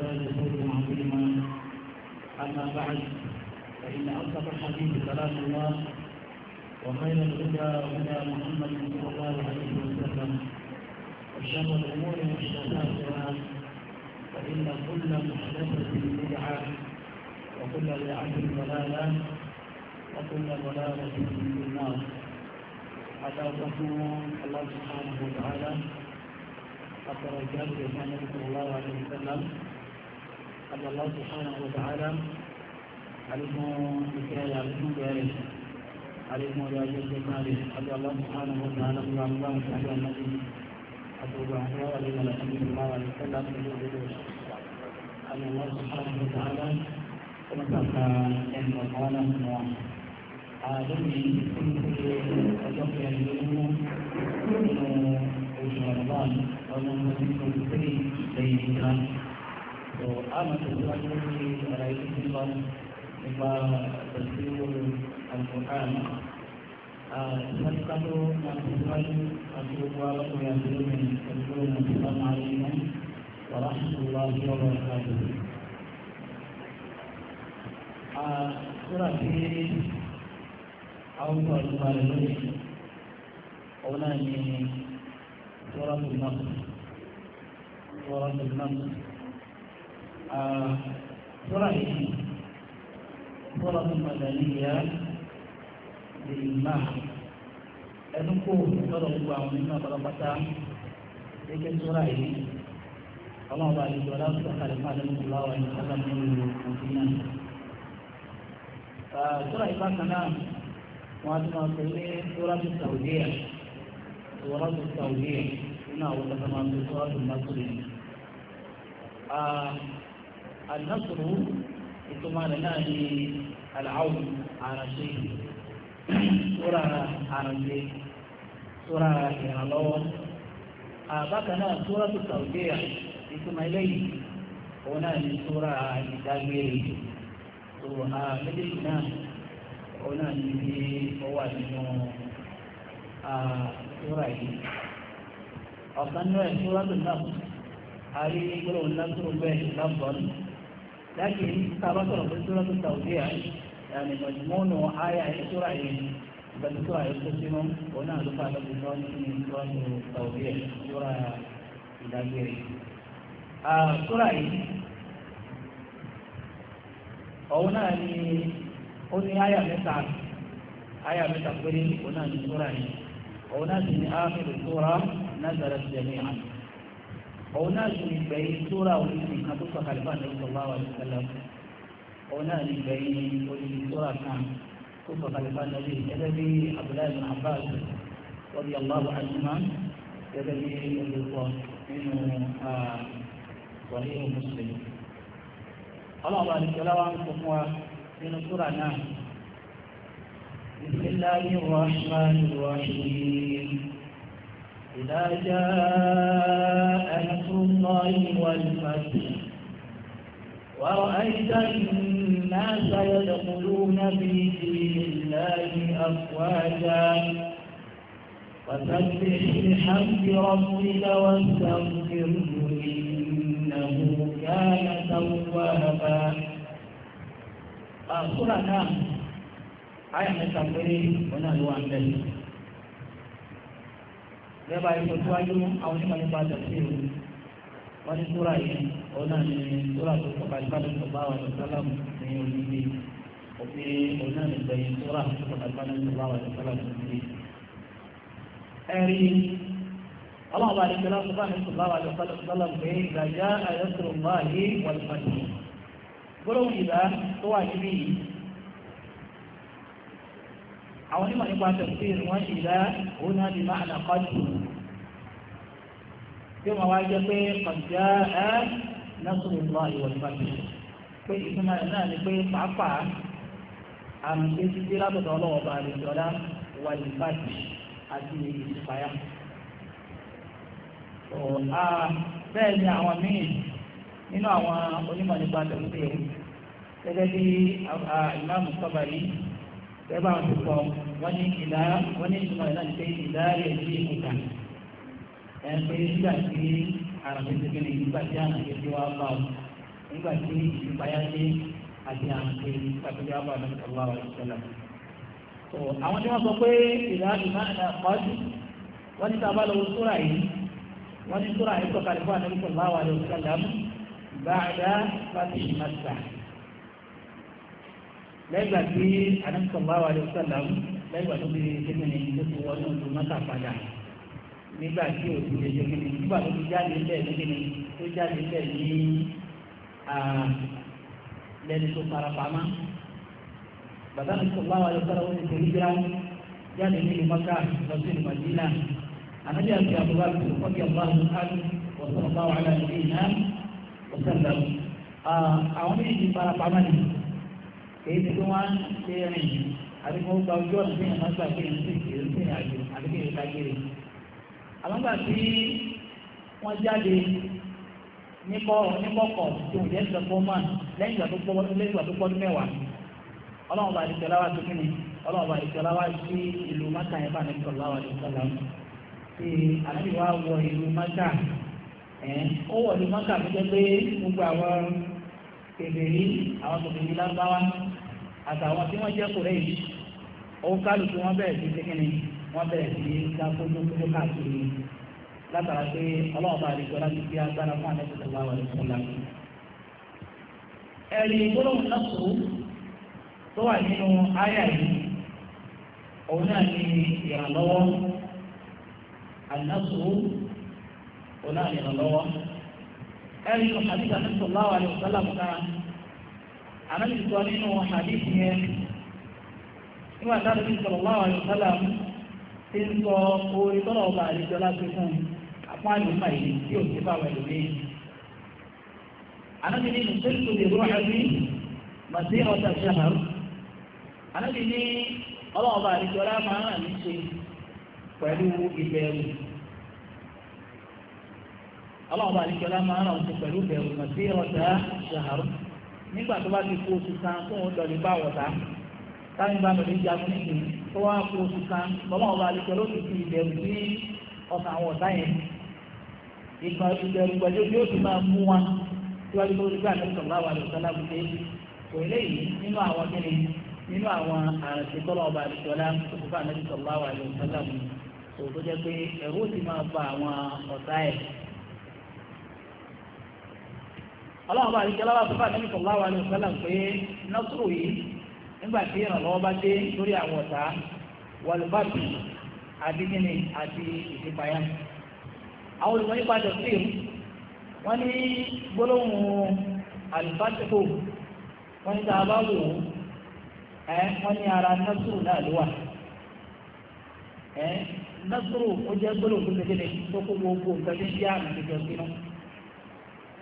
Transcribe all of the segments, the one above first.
لله فوزا عظيما أما بعد فإن أصدق الحديث كلام الله وخير الهدى هدى محمد صلى الله عليه وسلم وشر الأمور محدثاتها فإن كل محدثة بدعة وكل بدعة ضلالة وكل ضلالة في النار تكون الله سبحانه وتعالى أترجى بإحسانه صلى الله عليه وسلم أن الله سبحانه وتعالى عليكم بكال عليكم بأهل عليكم بأجل بكاله أبي الله سبحانه وتعالى أبي الله سبحانه النبي أبو بحر عليه النبي صلى الله وسلم أن الله سبحانه وتعالى ونفق أن وقال الله عالمي كنت أجمع اليوم من رمضان ومن مسجد الكريم tó a máa tẹ̀síwájú ní ara yìí ti lọ nípa tẹ̀síwò àlùkòkàn sáfìkàtò máa tẹ̀síwájú àti gbogbo alákùnrin àti lómìn ẹ̀dúró náà ti bá máa rí iná wàrà ṣùgbọ́n àti ọ̀rọ̀ ìkàdé. Sura ti àwọn ọ̀rọ̀ ni sura tó sọ́ra yìí sọ́ra tó màdàlíyà lè má ẹnu kó lọ́dọ̀ gbogbo àwọn onímọ̀ pátápátá gẹ́gẹ́ sọ́ra yìí ọlọ́run bá lè jọ láti sọ̀kalẹ̀ fún àdéhùn ìlú àwọn ẹni sọ́ra ní ìlú òfin náà. sọ́ra yìí bákan náà wọ́n á tún máa pè ní sọ́ra tó sàwùdíyà sọ́ra tó sàwùdíyà nínú àwọn tọ́ka máa ń pè sọ́ra tó má àdínàsòrò ìtumọ̀ rẹ̀ náà ní àlàáwù àràṣe sóra àràṣe sóra ìrànlọ́wọ́ àbákan náà sóra tó tàwùjẹ́yà ìtumọ̀ eléyìí òun náà ní sóra ìdágbére tó a méjèèjì náà òun náà ní bí ó wà nínú sóra yìí ọ̀kan náà sóra tó náà a rí gbọ́dọ̀ ńlá tó bẹ́ẹ̀ lábọ́ọ̀lù. لكن ترى في سورة التوزيع يعني مجموع آية سورة بل سورة يقسم هنا لقاء الإنسان من سورة التوزيع سورة الدجيري سورة هنا هنا آية متى آية متى قريب هنا سورة هنا آخر سورة نزلت جميعا òun náà sì ní gbẹ̀yìn sóra oríṣi kan tó sọ̀kalẹ̀ fún àdéhùn sọ̀rọ̀ àwọn ìṣẹ̀lẹ̀ òun náà ní gbẹ̀yìn oríṣi sóra kan tó sọ̀kalẹ̀ fún àdéhùn gẹ́gẹ́ bí Abdullahi bin Abbas wọ́n yà lọ́wọ́ àdúmá gẹ́gẹ́ bí olùkọ́ nínú wàlẹ́ Muslim. ọlọ́run àdìsọ́lá wa ń sọ fún wa nínú sóra náà بسم الله الرحمن الرحيم إذا جاء نصر الله والفتح ورأيت الناس يدخلون في دين الله أفواجا فسبح بحمد ربك واستغفره إنه كان توابا Surah 6 ayat yang ke-1 benar lẹ́bàá ẹ̀kọ́ tó wáyé àwọn onímọ̀ nípa àtàkì ìlú wọ́n ní sóra yìí òun náà ní sóra tó kọ̀ọ̀kan ìbáraẹ̀ tó bá wà lọ́sálàmù ní onílé òfin òun náà ní gbẹ̀yìn sóra tó kọ̀ọ̀kan ìbáraẹ̀ tó bá wà lọ́sálàmù ní onílé. ẹ̀rí ọlọ́run bá ní sọ́lá tó bá ní sọ́lá wà lọ́sálàmù pé ìgbàjá àyọ̀sọ̀rọ̀ máa yé wàlúfàdì. gbọ́dọ̀ ìgbà tó wà níbí yìí àwọn onímọ̀ nípa àtàkì ìlú òun náà ní máa tí wọ́n wá jẹ́ pé kọjá ẹ́ lọ́sọ̀rọ̀ ìwọ̀n ìbàdí pé ìtumọ̀ rẹ̀ náà ni pé pàápàá àmì pé títí látọ̀dọ̀ ọlọ́wọ́ bá rẹ̀ jọ̀dá wà ìbàdí àti ìṣùpáyà. bẹ́ẹ̀ ni àwọn míì nínú àwọn onímọ̀ nípa tẹ̀lé gẹ́gẹ́ bí ìmáàmù sọ́ba yìí gẹ́gẹ́ bá wọn ti sọ wọ́n ní ìlà wọ́n ní ìtumọ̀ ní ìkùkà ẹ pé nígbà tí àràbẹ̀tẹ̀kẹ́ ni nígbà tí àràbẹ̀tẹ̀ wá bá o nígbà tí ìpayà dé àti àǹtẹ̀ ìpàtẹ́jọ́ wá bá o lọ́wọ́ àwọn ìṣẹ̀lẹ̀. tó àwọn tí wọ́n sọ pé ìlà ìmọ̀ àkọ́jú wọ́n ní sábà lọ́wọ́ sóra yìí wọ́n ní sóra yìí sọ̀kalẹ̀ fún àtẹ́bí sọ̀lá wà lọ́wọ́ sọ̀lá báyà láti ìmọ̀ta lẹ́gbà tí àtẹ́bí sọ̀lá wà lọ́wọ́ sọ̀lá lẹ́gbà tó fi ṣẹ́gun ní ìdókòwò ọdún tó mọ́ta padà nígbà tí o ti lè ṣe kíni nígbà tó ti jáde lẹ̀ ní kíni tó jáde lẹ̀ ní lẹ́ni tó farapamọ́ bàtà ní sọ̀rọ̀ àwọn ọ̀dọ́ wọn ti ṣe hijira jáde ní ìmọ̀ká lọ sí ìmọ̀dínà ànábì àti àbúrò tó kọ́kí àbúrò àti wọ́sọ̀rọ̀ bá wàhálà ní ìná wọ́sọ̀rọ̀ àwọn méjì farapamọ́ ni èyí tí wọ́n ṣe rìn àbí wọ́n gba ojú ọ̀nà tí wọ́n gbà pé ìrìn sí ìrìn àjò àbí kí àmọ́gbà tí wọ́n jáde níkọ̀kọ̀ tí òun jẹ́ ìjọpọ̀ mọ́ lẹ́yìn ìgbà tó pọ́ ọdún mẹ́wàá ọlọ́run bá àdìsọ láwá tó kíni ọlọ́run bá àdìsọ láwá sí ìlú mẹ́ta yẹn bá ní sọ láwá ní sọ láwá tí àlejò wa wọ ìlú mẹ́ta ẹ̀ ó wọ ìlú mẹ́ta tó jẹ́ pé gbogbo àwọn kèbèrè àwọn kèbèrè lábáwá àtàwọn tí wọ́n jẹ́ kòrẹ́ yìí òun kálukú wọn bẹ̀rẹ̀ sí kíni wọ́n bẹ̀rẹ̀ sí dákójú kúrò káàkiri látara pé ọlọ́ọ̀bá àdìgbò láti fi agbára fún àdẹ́sọ̀tò wa wọlé fún la. ẹ̀rí gbólóhùn náà tó tó wà nínú àyà yìí òun náà ní ìrànlọ́wọ́ àdínàṣó òun náà ní ìrànlọ́wọ́. ẹ̀rí nínú hadith àdìsọ̀tò wa wọlé fún la mọ̀ká ànábìsọ̀ nínú hadith yẹn nígbà tá a lè fi sọ̀rọ̀ wa wọlé fún tí ń sọ tọ́lọ̀ ọba àdéjọ láti fún àpọ́n àdúgbà yìí tí ò sí báwọn ní lè rọ́ ẹbí màtí ọ̀tà ṣàhàr. Ànábi ní ọlọ́wọ́ ọba àdéjọ ma máa rà ní ṣe pẹ̀lú ìbẹ̀rù. ọba máa ṣe pẹ̀lú ìbẹ̀rù Nígbà tó bá ti kú oṣù fún táwọn ìbámu lè jagun nìkì tó wá kó oṣù kan lọ́mọ ọba àlejò ló ti fi ìbẹ̀rù sí ọkàn àwọn ọ̀tá yẹn ìgbà ìbẹ̀rù gbàdé yóò ti máa mú wa síwájú tó ti gbà ní sọ̀rọ̀ àwọn àlejò ọ̀la gbèsè kò eléyìí nínú àwọn kíni nínú àwọn àṣetọ́lọ̀ ọba àlejò ọ̀la tó ti gbà ní sọ̀rọ̀ àwọn àlejò ọ̀la mu ọlọ́run bá àlejò ọlá wà tó sọ̀rọ̀ àwọn àlejò ọ̀la pé nọ́sùrù yìí nígbà tí ìrànlọ́wọ́ bá dé lórí àwọn ọ̀tá wàlúbàbí àdínkìnnì àti ìdípayá. àwọn olùmọ̀ nípa dọ̀tíìm wọ́n ní gbólóhùn àlùfáàtìkò wọ́n ní sábà wò wọ́n ní ara násùrù náà ló wà. ẹ́ ó jẹ́ gbólóhùn tó tó kó gbogbo nǹkan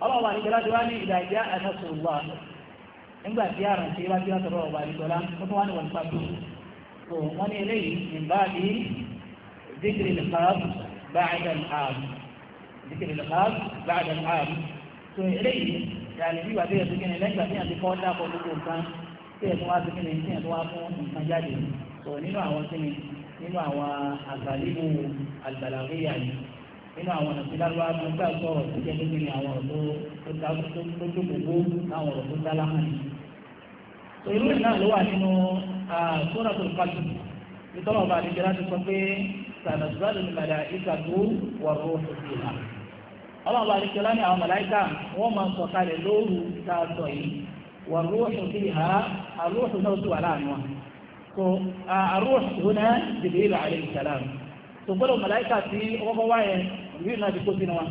tó ń àmì àti nígbà tí àrùn tí bá jẹ́ àtọ̀rọ̀ ọba àdìsọ́lá ó tún wá ní wọn pàtó tó wọ́n ní eléyìí nígbà bí zikiri lẹ́kàb báyìí àrùn zikiri lẹ́kàb báyìí àrùn tó eléyìí yàrá ìwà bí ẹ̀sùn kìíní lẹ́gbà tí àti kọ́ dákọ̀ gbogbo nǹkan tí ẹ̀sùn wá sí kìíní tí ẹ̀sùn wá fún nǹkan jáde tó nínú àwọn kìíní nínú àwọn àgbàlíwò àgbàlàwé yàrá nínú àwọn ọ̀nà tí lálọ́ àti ọgbà sọ̀rọ̀ tó jẹ́ lókè ní àwọn ọ̀rọ̀ tó dókòwò àwọn ọ̀rọ̀ tó dálá hàn yìí. tó irú ẹ̀ náà ló wà nínú àtúnrà tó kàtó nítorí ọba àti ìjọba ti sọ pé sàdàtúbàdàn ní màdà ìkàtó wọ̀rọ̀ òfin ìlà. ọlọ́ọ̀ba àti ìjọba ní àwọn màláìkà wọ́n máa ń sọ kalẹ̀ lóru tá a sọ yìí wọ̀rọ̀ òfin ìhà àlóòfin náà tó wà láàánú wa. so àrùn òfin náà jìbìrì àlẹ́ ìsàlámù. tó gbọ́dọ̀ màláìkà tí ọkọ̀ wáyẹn ìbílẹ̀ náà ti kó sínú wọn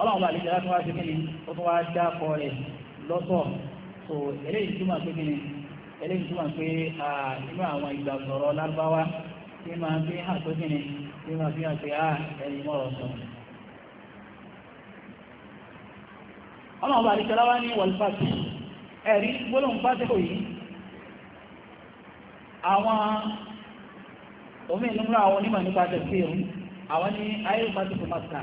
ọlọ́run bá lè jẹ́ láti wá sí kíni ó tún wá dá kọ rẹ̀ lọ́tọ̀ so eléyìí túmọ̀ pé kíni eléyìí túmọ̀ pé inú àwọn ìgbà sọ̀rọ̀ lárúbáwá tí máa fi hàn pé kíni tí máa fi hàn pé á ẹ̀yìn mọ̀rọ̀ sọ. ọlọ́run bá lè jẹ́ láwá ní wàlúfàtì ẹ̀rí gbólóhùn fásitì yìí àwọn òmìnira àwọn onímọ̀ nípa tẹ̀síìrì àwọn ní ayé ìpàdùkù maka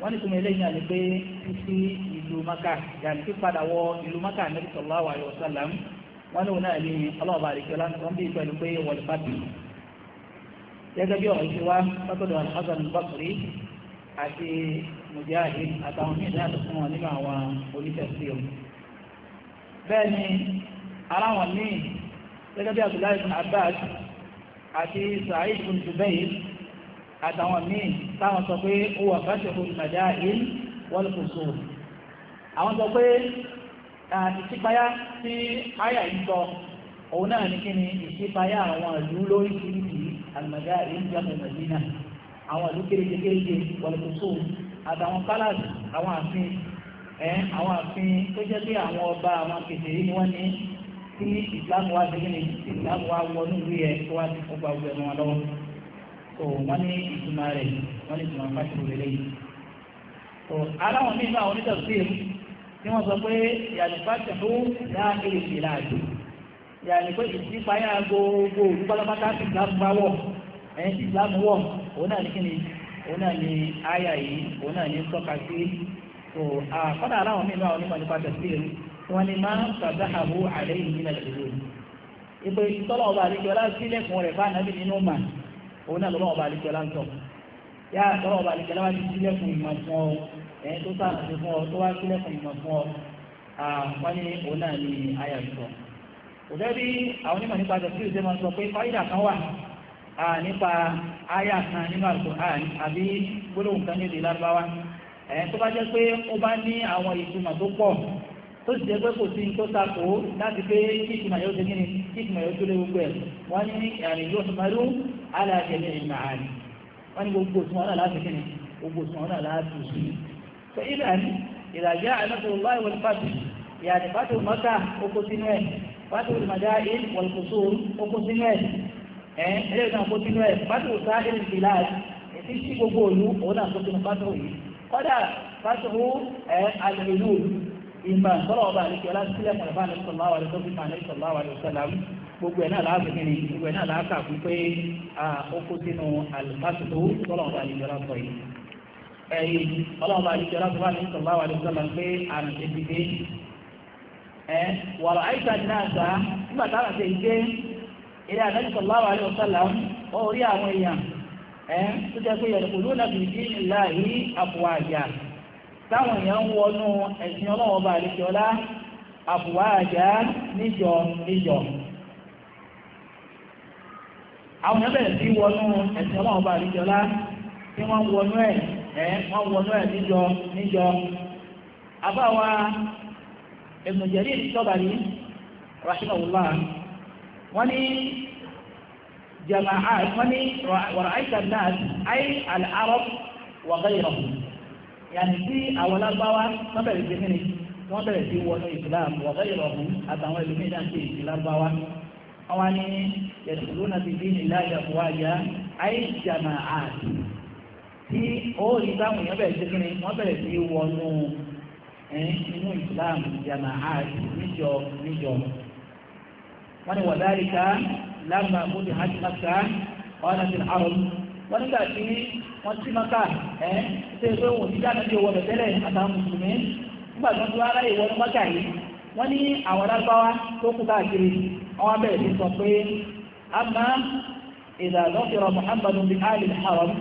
wọ́n ní túnmọ̀ eléyìí náà ni pé títí ìlú maka yàtí tí padà wọ ìlú maka Nabi sallallahu alaihi wasallam wọ́n ní òun náà ní ọlọ́ọ̀bà àríkẹ́lá wọ́n bí pẹ̀lú pé wọ́n fàtì gẹ́gẹ́ bí ọ̀rọ̀ ìṣẹ́wá lọ́tọ̀dọ̀ al-Hasan al-Basri àti Mujahid àtàwọn míì náà fún wọn nínú àwọn onífẹ̀síọ̀ bẹ́ẹ̀ ni aláwọn míì gẹ́gẹ́ bí Abdullahi bin Abbas àti Sa'id bin Jubayr àtàwọn míì táwọn sọ pé ó wà fásitì ìmọ̀já ìlú wọ́n kò so àwọn sọ pé ìṣípayá tí àyà ń sọ òun náà ní kí ni ìṣípayá àwọn ìlú lórí kìrìkì àlùmọ̀já ìlú jẹ́ mẹ̀dínà àwọn ìlú kéréje kéréje wọ́n kò so àtàwọn palace àwọn àfin ẹ̀ àwọn àfin tó jẹ́ pé àwọn ọba àwọn kèfèrí ni wọ́n ní kí ìsìlámù wa ṣe kí ni ìsìlámù wa wọnú tó wọ́n ní ìtumọ̀ rẹ̀ wọ́n ní ìtumọ̀ fásitì rẹ̀ lẹ́yìn. tó aláwọ̀ míì náà onítọ̀síìm tí wọ́n sọ pé yàtìpá tẹ̀lú dáàbìrì ìlà àjò yàtìpá ìsìnpáyà gbogbo olùpátápátá ti ìsìlámù bá wọ̀ ẹ̀yìn ti ìsìlámù wọ̀ òun náà ní kíni òun náà ní àyà yìí òun náà ní tọ́ka sí tó àkọ́dà aláwọ̀ míì náà onímọ̀ nípa tẹ̀síìm wọ́n ní máa ń sàdáhàbù àlẹ́ ìlú nílẹ̀ ìlú ìpè ìtọ́lọ̀ ọba àdéjọ́lá sílẹ̀kùn rẹ̀ bá nàbì nínú màá òun náà lọ́wọ́ ọba àlìkẹ́lá ń tọ̀ yá àtọ́wọ́ ọba àlìkẹ́lá wá ti sílẹ̀kùn ìmọ̀ fún ọ ẹ̀yìn tó sáà ti fún ọ tó wá sílẹ̀kùn ìmọ̀ fún ọ wọ́n ní òun náà ní àyà sọ. òjẹ́ bí àwọn onímọ̀ nípa tẹ̀sí ìṣe máa sọ pé fáyidà kan wà nípa àyà kan nínú Al-Qur'an àbí gbólóhùn kan nílùú lárúbáwá ẹ̀yìn tó bá jẹ́ pé ó bá ní àwọn ìtumọ̀ tó pọ̀ tó ti jẹ́ pé kò sí tó takò láti pé kí ìtumọ̀ yóò ṣe kí ni kí ìtumọ̀ yóò tó lé gbogbo ẹ̀ wọ́n ní ìyàrá ìlú ọ̀sùnmọ́rú aláṣẹlẹ̀ ìmáàrí wọ́n ní gbogbo òsùn ọ̀nà láti kíni gbogbo òsùn ọ̀nà láti sí so ibrahim ìlàjá anásọ̀rọ̀lá ìwọ̀n pàtó ìyàdì pàtó mọ́ta oko sínú ẹ̀ pàtó ìmọ̀dá il wọ̀lùkùsù oko sínú ẹ̀ ẹ̀ ẹlẹ́yìn náà oko sínú ẹ̀ pàtó ìta ìrìn ìlà ètí sí gbogbo òlu òun náà tókínú pàtó yìí kọ́dà pàtó ẹ̀ alìlú ìmọ̀ sọ́lọ́ ọba àlejò aláṣílẹ̀ gbogbo ẹ̀ náà láàbù kí ni gbogbo ẹ̀ náà láàkà fún pé ó kó sínú àlùfáàtò tọ́lọ̀mù àlùjọ́lá sọ yìí ẹ̀rí ọlọ́mù àlùjọ́lá sọ wà ní sọ̀lá wà ní sọ̀lá pé àrùn ti ti dé ẹ̀ wàrà àìsàn náà sá nígbà táwọn àti ìgbé ilé àdájú sọ̀lá wà ní sọ̀lá ó rí àwọn èèyàn ẹ̀ tó jẹ́ pé yẹ̀rù kùlú náà fi dín ìlà yìí àbùwàjà táwọn níjọ níjọ àwọn ẹ̀bẹ̀ tí wọnú ẹ̀sìn ọlọ́run bá àríjọlá tí wọ́n wọnú ẹ̀ ẹ̀ wọ́n wọnú ẹ̀ níjọ níjọ àbáwa Ibn Jarir Tabari rahimahullah wọ́n ní jama'at wọ́n ní wara'aita nas ay al-arab wa ghayrahum yàtí sí àwọn lágbáwá wọ́n bẹ̀rẹ̀ sí wọ́n bẹ̀rẹ̀ sí wọnú ìsìlámù wa ghayrahum àtàwọn ìlú méjì àti ìsìlámù àwọn ni yẹ̀dùkúrúnà ti bí nílá ìyàwóyá àìjàmà àti tí ó rí táwọn èèyàn bẹ̀rẹ̀ síkiri wọ́n bẹ̀rẹ̀ sí wọnú Islam ìjàmà àti níjọ níjọ wọ́n ni wàdáríkà lámà múdi hajj maka ọ̀nà ti àrùn wọ́n nígbà tí wọ́n ti maka ẹ́ ṣe pé òun ti dáná bí wọ́n bẹ̀rẹ̀ sí sọ pé àmà ìdàdọ́kẹ̀rọ̀ muhammadu bin ali haram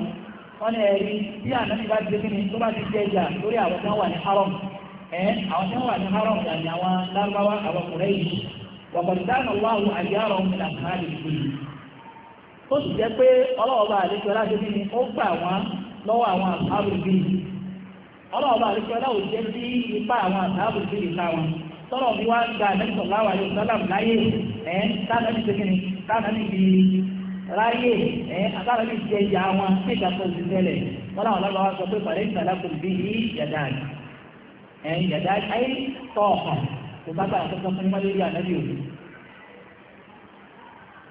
bí tọ́rọ̀ bí wá ń gba ànábì sallallahu alaihi wasallam láyé ẹ̀ táàbí ṣe kíni táàbí fi ráyè ẹ̀ àtàbí jẹ ìyá wọn ní ìjàpọ̀ ìṣẹ̀lẹ̀ wọn làwọn lọ́wọ́ wá sọ pé pàdé ìtàlá kò bí i yàdá ẹ̀ yàdá ayé ọ̀kan kò bá fún òbí.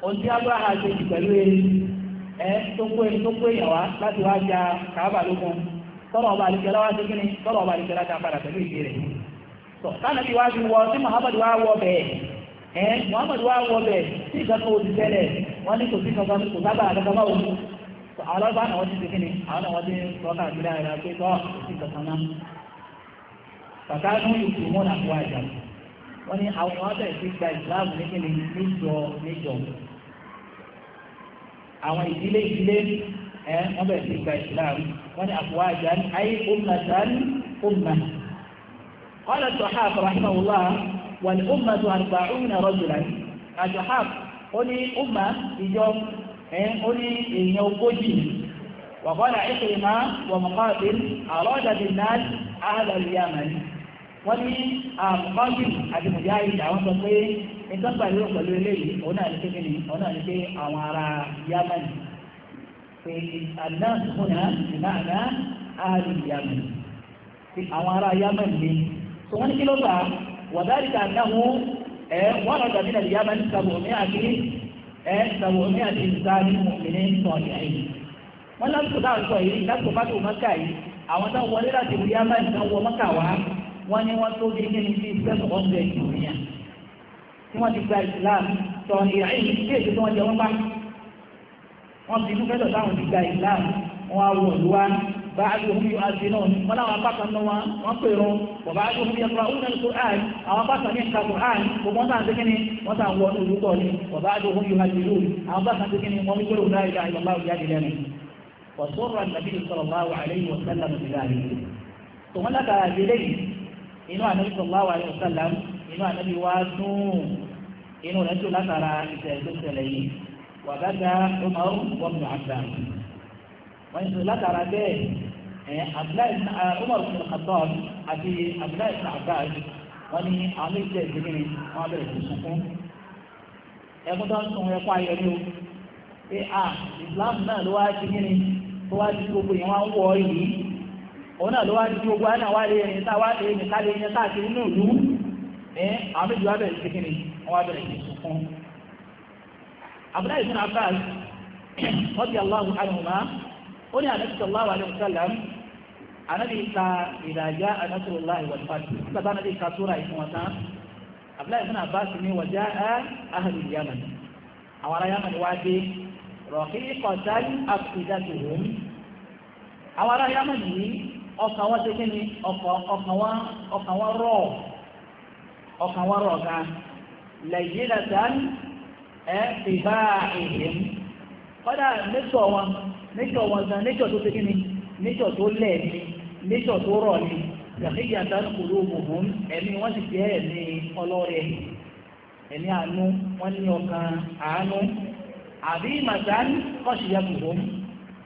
ohun tí ṣe pẹ̀lú ẹ tó kó ẹ tó kó láti wá ja tọ́rọ̀ ọba àlùkẹ́lá wá sí tọ̀ sánàbí wá ju wọ sí Muhammad wá wọ bẹ́ẹ̀ ẹ̀ Muhammad wá wọ bẹ́ẹ̀ sí ìgbàkan òsì tẹ́lẹ̀ wọ́n ní kò sí kankan kò sábà kankan bá wọn àwọn ọlọ́pàá náà wọ́n ti ṣe kíni àwọn náà wọ́n ti sọ káàkiri àìrà pé tọ́ kò sí kankan náà bàtà ní ìlú mọ́nà àpò àjà wọ́n ní àwọn ọmọ bẹ̀rẹ̀ sí gba ìsìláàmù ní kíni níjọ níjọ àwọn ìdílé ìdílé ẹ̀ wọ́n bẹ̀rẹ̀ sí gba ìsìláàmù wọ́n ní àpò àjà ní ayé ó قال الضحاك رحمه الله والأمة أربعون رجلا الضحاك قولي أمة إجاب قولي إنه قجي وقال عقرمة ومقاتل أراد بالناس أهل اليمن wọ́n ní àmọ́bìn àti mùjáyì àwọn sọ pé nǹkan pàdé pẹ̀lú eléyìí òun náà ní pé kíni òun náà ní pé àwọn ará yámánì pé àdínà múnà ìmáàná àárín yámánì pé àwọn ará yámánì ní tó wọ́n ní kí ló fà á wàdáàrí ká náwó ẹ̀ wọ́n rọ̀ tàbí nàìjíríà máa ń sàbò ní àti ẹ̀ sàbò ní àti ìsáàbí mọ̀mìnì sọ̀rọ̀ yìí wọ́n lásìkò táwọn sọ yìí lásìkò bá tó mọ́kà yìí àwọn táwọn wọlé láti ìrìyà máa ń tán wọ mọ́kà wá wọ́n ní wọ́n tó dé kí sí seven hundred ìrìyà tí wọ́n Islam sọ ìrìyà yìí kí èsì tí wọ́n ti gba Islam wọ́n á wọ̀ بعضهم يؤذنون ولا وقف النوى وقروا وبعضهم يقرؤون القرآن أو وقف يقرأ القرآن ومتى ذكني متى هو أولوكوني وبعضهم يهجلون أو وقف ذكني ومقروا لا إله إلا الله جاد لنا وسر النبي صلى الله عليه وسلم بذلك ثم لك بليل إنه النبي صلى الله عليه وسلم إنه النبي واسنو إنه رجل ترى إسرائيل وبدا عمر وابن عباس وإنه لا ترى بيه Eh, abdullahi eh, umar bin khattab àti abdullahi bin abbas wọ́n ní àwọn méjì ẹ̀sìn kí ni wọ́n bẹ̀rẹ̀ sí sunkún ẹkún tó ń sun ẹkún ayọ̀ ni o pé a islam náà ló wá sí kí ni tó wá sí gbogbo yẹn wá ń wọ ìlú òun náà ló wá sí gbogbo àná wá lé ẹni tá wá lé ẹni ká lé ẹni káàkiri ní òlú ẹ eh, àwọn méjì wá bẹ̀rẹ̀ sí anabi ka ìdájá anasirulahi walfati sábà anabi ka sóra ìfún wọn tán abdullahi ibn abbas ni wàjá ẹ ahàlù yaman àwọn ará yaman wá dé rọ̀kí kọ̀tàlì àfìdájú wọn àwọn ará yaman yìí ọkàn wọn ṣe kíni ọkàn wọn rọ̀ ọkàn wọn rọ̀ gan lẹ́yìn lẹ́sàn ẹ fìbá ìhìn kọ́dà nẹ́tọ̀ wọn nẹ́tọ̀ wọn gan nẹ́tọ̀ tó ṣe kíni nítọ̀ tó lẹ̀ níṣọ̀ tó rọ̀ ni yàtìyà dánù kò ló wò fún ẹ̀mí wọ́n sì jẹ́ ẹ̀mí ọlọ́rẹ̀ ẹ̀mí àánú wọ́n ní ọkàn àánú àbí màdán kọ́ṣìyà kò fún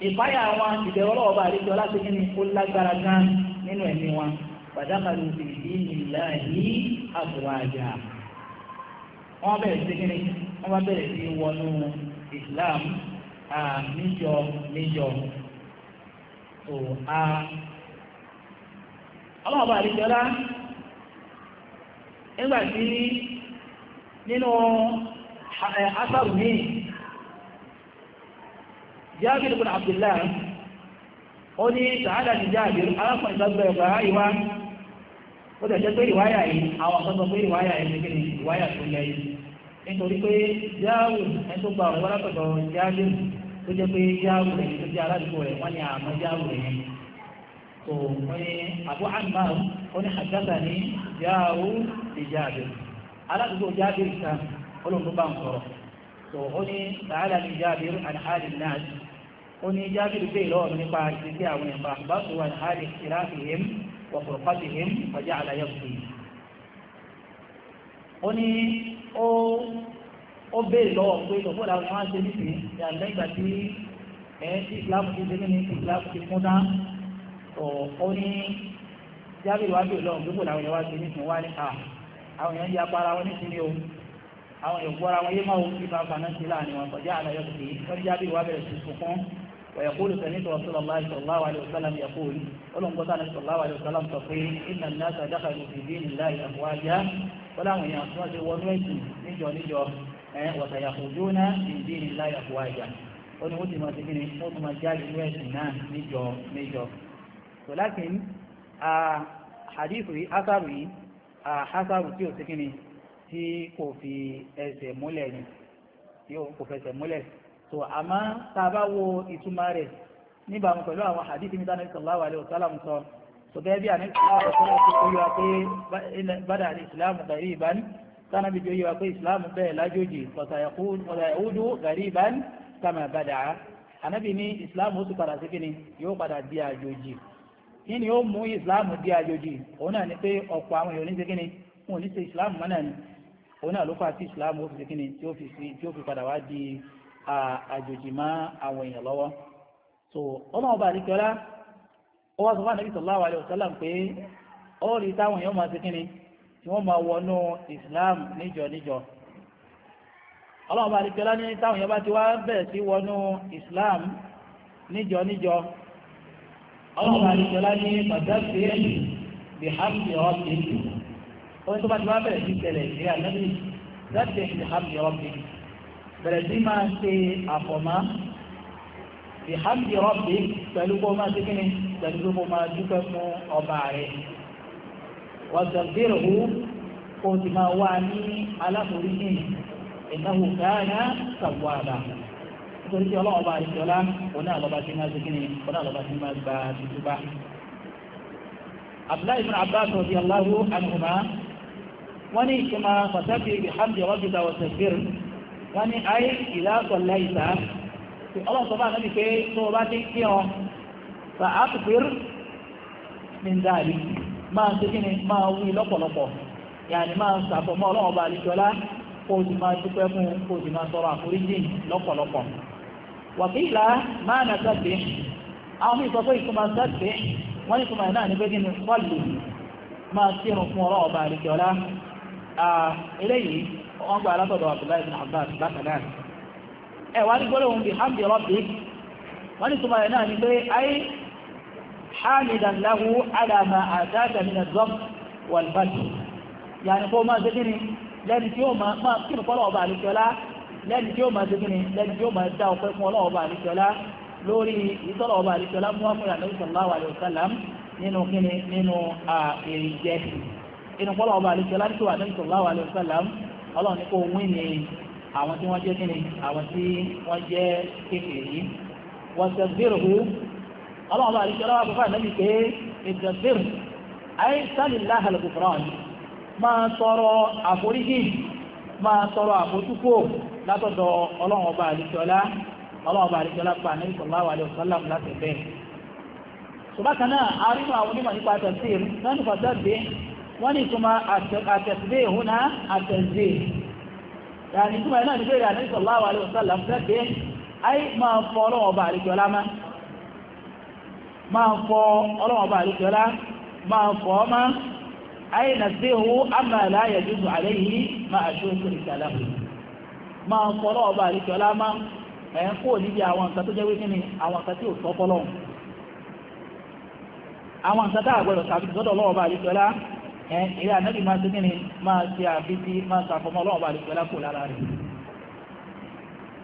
ìpáyà wọn ìbẹ̀rù ọlọ́ọ̀bà àdéjọ láti kí ni ó lágbára gan nínú ẹ̀mí wọn pàdákàlù fìdí nìlá yìí àbúwájà wọ́n bẹ̀rẹ̀ sí kí ni wọ́n bá bẹ̀rẹ̀ sí wọnú Islam níjọ níjọ ọlọ́ọ̀bá àríjọlá nígbàtí nínú asàrù ní jábìrì bin abdullah ó ní sàádà ti jábìrì alákùnrin gbogbo ẹ̀kọ́ àríwá ó tẹ̀jẹ́ pé ìwáyà yìí àwọn ọ̀sọ́sọ́ pé ìwáyà yìí ní ìwáyà tó lẹ́ yìí nítorí pé jáàrù ẹni tó gba ọ̀rọ̀ wọ́n tó jẹ́ pé jáàrù rẹ̀ tó jẹ́ aládùúgbò rẹ̀ wọ́n ní àmọ́ jáàrù rẹ̀ Abu Ammar oní àjọ́ta ní jáàrú ti jáàbì aládùúgbò jáàbì ìta olóńgbà ń sọ̀rọ̀ tó ó ní sàálà ní jáàbì àdáhàlì náà ó ní jáàbì pé ìlọ́wọ́ nípa ìdíje àwọn ẹ̀fà bá tó wà àdáhàlì ìráfihìm wọ̀fọ̀rọ̀fàtihìm ọjà àlàyé òkè ó ní ó ó béèrè lọ́wọ́ pé ìtọ̀fọ́ làwọn ẹ̀wọ̀n á ṣe nífẹ̀ẹ́ ìyàgbẹ́ ìgbà tí ẹ̀ ti ìsìlámù ti ṣe nínú ìsìlámù ti kún náà ó ní jábìrì wá bí ọlọ́run gbogbo làwọn èèyàn wá sí nísìnyí wá ní à àwọn èèyàn ya para wọn nísìnyí o àwọn èèyàn gbọ́ra wọn yé máa wo kí máa faná sí láàrin wọn kọjá àlàyé kùtì wọn ní jábìrì wá bẹ̀rẹ̀ sí sunkún ويقول سمعت رسول الله صلى الله عليه وسلم يقول قل ان قطعنا صلى الله عليه وسلم تقول ان الناس دخلوا في دين الله افواجا ولا من يصلي ونويتم نجو نجو وسيخرجون من دين الله افواجا قل هو ما تجيني هو ما جاء نويتم نجو نجو so lákín àdífù hásàrù yìí hásàrù tí ó sí ni tí kò fi ẹsẹ̀ múlẹ̀ ni tí kò fẹsẹ̀ múlẹ̀ so àmọ́ tá a bá wo ìtumá rẹ̀ níbàámu pẹ̀lú àwọn àdífù ní tánà sallallahu alaihi wasallam sọ so bẹ́ẹ̀ bí àní sallallahu alaihi wasallam ti kó yọ pé bádà àti ìsìláàmù gàrí ìbán tánà bí yọ pé ìsìláàmù bẹ́ẹ̀ lájòjì fọ̀sàyàkúdù gàrí ìbán kàmà bádà ànábì ní ìsìláàmù ó sì padà sí kíni yóò padà di àjòjì kí ni ó mú ìsìláàmù di àjòjì òun náà ni pé ọ̀pọ̀ àwọn èèyàn oníṣe kíni wọn ò ní ṣe ìsìláàmù mọ́ ni òun náà ló fà sí ìsìláàmù ó fi ṣe kíni tí ó fi sí tí ó fi padà wá di àjòjì mọ́ àwọn èèyàn lọ́wọ́ so ọlọ́run ọba àdìkọ́lá ó wá sọ fún ànábì sallallahu alaihi wasallam pé ó rí táwọn èèyàn máa ṣe kíni tí wọ́n máa wọnú ìsìláàmù níjọ níjọ ọlọ́run ọba àdìkọ́lá ní táwọn èèyàn bá ti wá bẹ̀rẹ̀ sí wọnú ìsìláàmù níjọ níjọ ọlọ́run àdìsọ́lá ní pàjáfì ẹ̀yìn bí hàmì ọ̀bì ohun tó bá ti wá bẹ̀rẹ̀ sí tẹ̀lẹ̀ sí ànábì láti bí hàmì ọ̀bì bẹ̀rẹ̀ sí máa ṣe àfọ̀mọ́ bí hàmì ọ̀bì pẹ̀lú kó máa ṣe kí ni pẹ̀lú kó máa dúpẹ́ fún ọba rẹ̀ wọ́n tẹ̀síìrì hù kó ti máa wá ní aláforíjì ìnáwó káyà sàwọ́ torí pé ọlọ́wọ́ bá ìṣọ́lá òun náà lọ́ba tí máa ṣe kíni òun náà lọ́ba tí máa gba tuntun bá. abdullahi ibn abbas radiyallahu anhuma wọ́n ní ìṣẹ́mà pàtàkì bihamdi rabbika wa tasbir wọ́n ní ayé ìlàsọ̀ láìsà tí ọlọ́sọ̀ bá nábi pé tó bá ti kí ọ fa akbir min dáàbí máa ṣe kíni máa wí lọ́pọ̀lọpọ̀ yàní máa ṣàfọ̀mọ́ ọlọ́wọ́ bá ìṣọ́lá kó o sì máa dúpẹ́ fún kó o sì máa sọ̀rọ̀ àforíjì lọ́pọ̀lọpọ̀ wàkílá máa nà sẹ́sẹ̀ àwọn mí sọ pé ìtumọ̀ sẹ́sẹ̀ wọ́n ní ìtumọ̀ náà ní pé nínú pọ́ọ̀lù máa kírun fún ọlọ́wọ́ ọba àríkẹ́ọ́lá eléyìí wọ́n gba alátọ̀dọ̀ Abdullahi bin Abbas bákan náà lẹ́ni tí ó máa ṣe kíni lẹ́ni tí ó máa dá ọpẹ́ fún ọlọ́ọ̀bà àlejòlá lórí ìtọ́lọ̀ọ̀bà àlejòlá mú wá fúnra lórí sallallahu alaihi wasallam nínú kíni nínú èrè jẹ́ inú pọ́lọ̀ọ̀bà àlejòlá ní tòwà lórí sallallahu alaihi wasallam ọlọ́run ní kò wí ní àwọn tí wọ́n jẹ́ kíni àwọn tí wọ́n jẹ́ kékeré wọ́n ṣe máa sọ̀rọ̀ àmójúkò látọ̀dọ̀ ọlọ́run ọba àdìsọ́lá ọlọ́run ọba àdìsọ́lá pa ní sallallahu alaihi wasallam láti bẹ́ẹ̀. ṣùgbọ́n náà a rí mọ àwọn onímọ̀ nípa tafsir lẹ́nu fàtẹ́sì wọ́n ní ìtumọ̀ àtẹ̀síbẹ̀ ìhúná àtẹ̀síbẹ̀ yàrá ìtumọ̀ náà ní bẹ́ẹ̀rẹ̀ àdìsọ́ sallallahu alaihi wasallam tẹ́sì ayé máa fọ ọlọ́run ọba àdìsọ́lá má máa fọ ọlọ́run أي نزهه أما لا يجوز عليه ما أشوف رساله ما صلى بارك ولا ما ẹ̀kọ́ níbi àwọn nǹkan tó jẹ́ àwọn nǹkan tí ò tọ́ fọ́lọ́hun àwọn nǹkan tá àgbẹ̀rọ̀ sàbìtì sọ́dọ̀ ọlọ́ọ̀bà àríkọ́lá ẹ̀rẹ́ ànábì máa ṣe kíni máa àríkọ́lá kò lára rẹ̀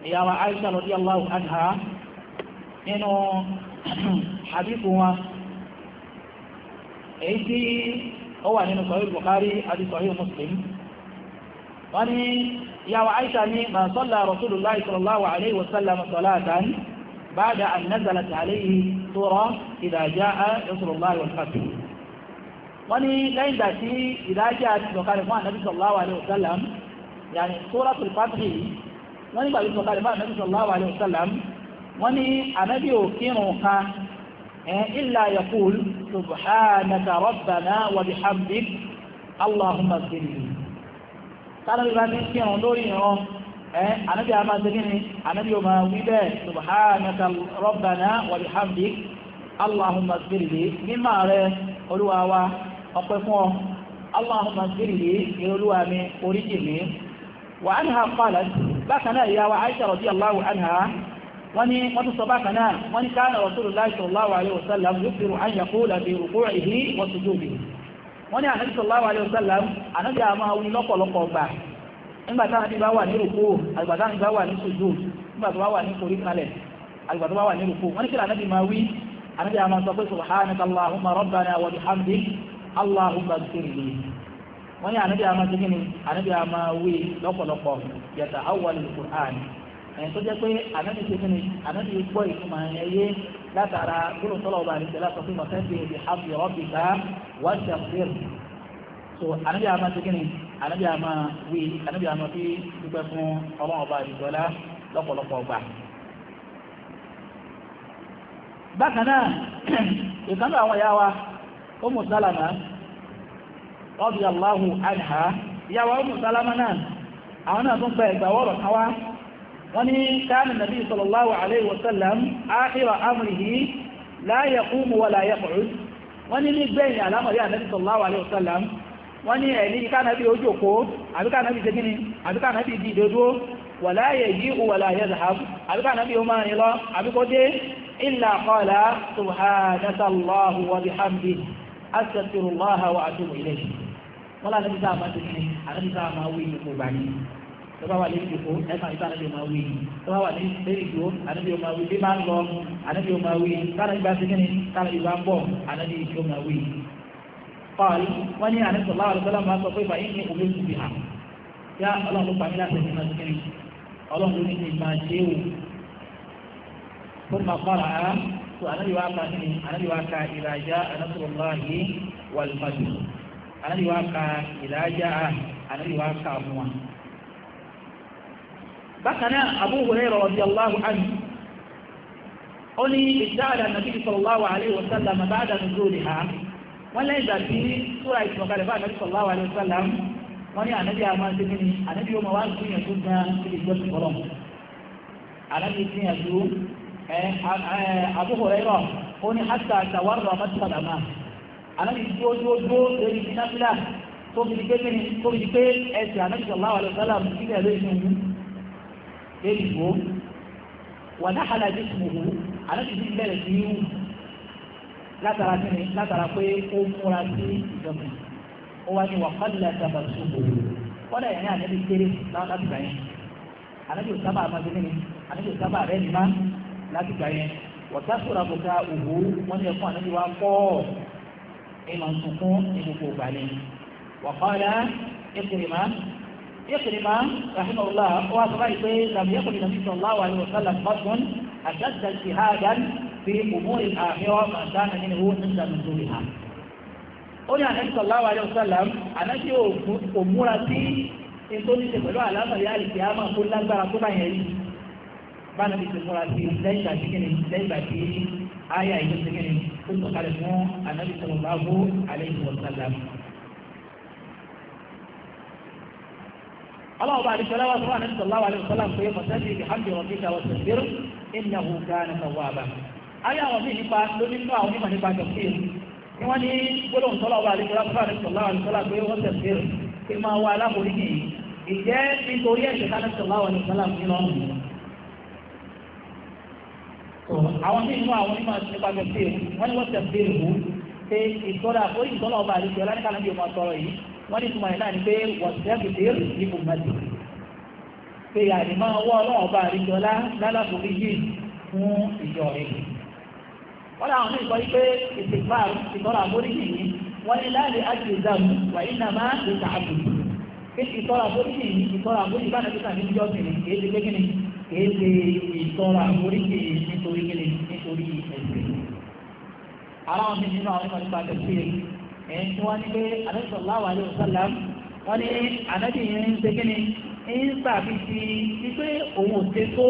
ìyàwó Aisha ó wà nínú sọ̀rọ̀ Bukhari àti sọ̀rọ̀ Muslim wọ́n ní ìyàwó Aisha ní ma salla Rasulullahi sallallahu alaihi wasallam salatan ba'da an nazalat alaihi sura idha jaa Rasulullahi wal fath wọ́n ní lẹ́yìn ìgbà tí ìdájá ti sọ̀kalẹ̀ fún ànábì sallallahu alaihi wasallam yàní suratul fath wọ́n nígbà tí sọ̀kalẹ̀ fún ànábì sallallahu alaihi wasallam wọ́n ní ànábì ò kírun kan إلا يقول سبحانك ربنا وبحمدك اللهم اغفر لي قال بما نسكن دوري ànábì a máa segin ni ànábì o máa wí bẹ́ẹ̀ subhanaka rabbana wa bihamdik allahumma sirri mímọ̀ rẹ olúwa wa ọpẹ́ fún ọ allahumma sirri ní olúwa mi oríjì mi wa anha qalat bákan náà ìyá wa aisha radiyallahu anha wọ́n ní wọ́n tún sọ bákan náà wọ́n ní káàlà Rasulullahi sallallahu alaihi wasallam yukfiru an yaqula fi ruku'ihi wa sujudihi wọ́n ní ànábì sallallahu alaihi wasallam ànábì àmọ́ àwọn onílọ́pọ̀lọpọ̀ gbà nígbà táwọn àti bá wà ní rúkú àgbà táwọn àti bá wà ní sujud nígbà tó bá wà ní korí kalẹ̀ àgbà tó bá wà ní rúkú wọ́n ní kí ànábì máa wí ànábì àmọ́ sọ pé subhanaka allahumma rabbana wa bihamdik allahumma ighfirli wọ́n ní ànábì àmọ́ sí kí ni ànábì àmọ́ wí lọ́pọ̀lọpọ̀ yata'awwalul Qur'an ẹ̀yìn tó jẹ́ pé ànábì ṣe fún mi ànábì gbọ́ ìtumọ̀ ẹ̀yẹ yé látara gbọ́dọ̀ tọ́lọ̀ ọba àdìsẹ́ látọ̀ fún ọ̀sẹ̀ ti èdè àbí ọ̀bì bá wà ṣe àfẹ́rù so ànábì àmà ṣe kí ni ànábì àmà wí ànábì àmà fi dúpẹ́ fún ọlọ́run ọba àdìsọ́lá lọ́pọ̀lọpọ̀ ọgbà. bákan náà ìkànnì àwọn ìyá wa Ummu Salama radiyallahu anha ìyá wa Ummu Salama náà àwọn náà tún gba ẹ̀gbà wọ́ọ̀rọ̀ kan wọ́n ní káàmì nàbí sallallahu alaihi wasallam áhírà amrihi la yaqumu wa la yaq'ud wọ́n ní ní gbẹ̀yìn alámọ̀rí ànábì sallallahu alaihi wasallam wọ́n ní ẹ̀lí kánàbí ojókó àbíkánàbí segini àbíkánàbí dìdodó wa la yaji'u wa la yadhhab àbíkánàbí o máa nílọ àbíkódé illa qala subhanallahi wa bihamdihi astaghfirullaha wa atubu ilayhi wọ́n lá tọ́ba wà lórí ìdìbò ẹ̀fà ìta ànábì ọmọ wí tọ́ba wà lórí ìdìbò ànábì ọmọ wí bí máa ń lọ ànábì ọmọ wí kára ìgbà sí kíni kára ìgbà ń bọ̀ ànábì ọmọ wí. paul wọ́n ní ànábì sọ̀lá àlùsọ́lá máa sọ pé ìfà yín ní òwe kù bí hàn yá ọlọ́run ló pàmí láti ẹ̀sìn náà kíni ọlọ́run ló ní ní ìgbà ṣe é wò. fún màkọ́ra á tó ànábì bákanáà Abu Hurairah radiyallahu anhu ó ní ìdáàdà nàbí sallallahu alaihi wa sallam ba'da nuzuliha wọ́n lẹ́yìn ìgbà tí súra ìsọ̀kalẹ̀ bá nàbí sallallahu alaihi wa sallam wọ́n ní ànábì àmà ṣe kí ni ànábì ó wá gbìyànjú tó fi di pé ẹsẹ̀ lérí ìbò wà náà hàlà bí ìmòhù alábìsí bẹ̀rẹ̀ sí wù látara kíni látara pé ó múra sí ìjọba ó wá ní wà kọ́lá sábà tó kọ́lá yẹn ní àlẹ́bí kéré láti gbà yẹn àlẹ́bí ò sábà máa gbé àlẹ́bí ò sábà rẹ̀ ní láti gbà yẹn wọ́tá sọ̀rọ̀ àbùkà òwò wọ́n ní ẹ̀fọ́ àlẹ́bí wa pọ̀ ìmọ̀ nǹkan fún ìgbòkò gbà ní wà kọ́lá ẹ̀kùnrin má يكرم رحمه الله وأصبحت لم يكن النبي صلى الله عليه وسلم قصد أشد اجتهادا في أمور الآخرة ما كان منه عند نزولها قل يا النبي صلى الله عليه وسلم أنا في أمورتي إن كنت تقولوا على أمر يا القيامة كل أكبر كما يلي bára bí ti múra sí lẹ́yìn ìgbà tí kìíní lẹ́yìn ìgbà tí ayé àìsàn ti kìíní ó sọ̀kalẹ̀ fún anábìsọ̀rọ̀ bá bó alẹ́ ìwọ̀n sálàmù. الله بعد الصلاة والسلام نبي صلى الله عليه وسلم في مسجد بحمد ربك واستغفره إنه كان توابا أيا ربي نبا لن نبا ونبا نبا تفسير wọ́n ní gbọ́dọ̀ tọ́lá wa àdìgbò lápá rẹ̀ sọ̀lá wa nìkọ́lá pé wọ́n tẹ̀ fèrè pé máa wá aláborí nìyí ìjẹ́ nítorí ẹ̀ṣẹ̀ ká ní sọ̀lá wa nìkọ́lá mi lọ́rùn. àwọn tí inú àwọn onímọ̀ nípa tẹ̀ wọ́n ní wọ́n tẹ̀ fèrè pé ìtọ́lá wọ́n ní túmọ̀ ẹ̀ náà ni pé wọ̀sẹ̀kìtìr ní bùmọ̀tì pé àlè máa wọ́ ọlọ́run ọba àríjọlá lálàbòrí yìí fún ìjọ rẹ̀ wọ́n láwọn ní ìsọ wípé ìsìnkú ìtọ́rọ àforíjì yìí wọ́n ní láàrin àti ìzàmù wà ní nàmá ìta àbùkù pé ìtọ́rọ àforíjì yìí ìtọ́rọ àforíjì bá nàbíkà ní ìjọ bìnrin kìí ṣe pé kíni kìí ṣe ìtọ́rọ àforíjì nítorí kíni nítorí ẹ̀sìn ẹ̀yìn tí wọ́n ní pé sallallahu alaihi wasallam wọ́n ní ànábì yẹn ń ṣe kíni ń sàbí ti ti pé òun ò ṣe tó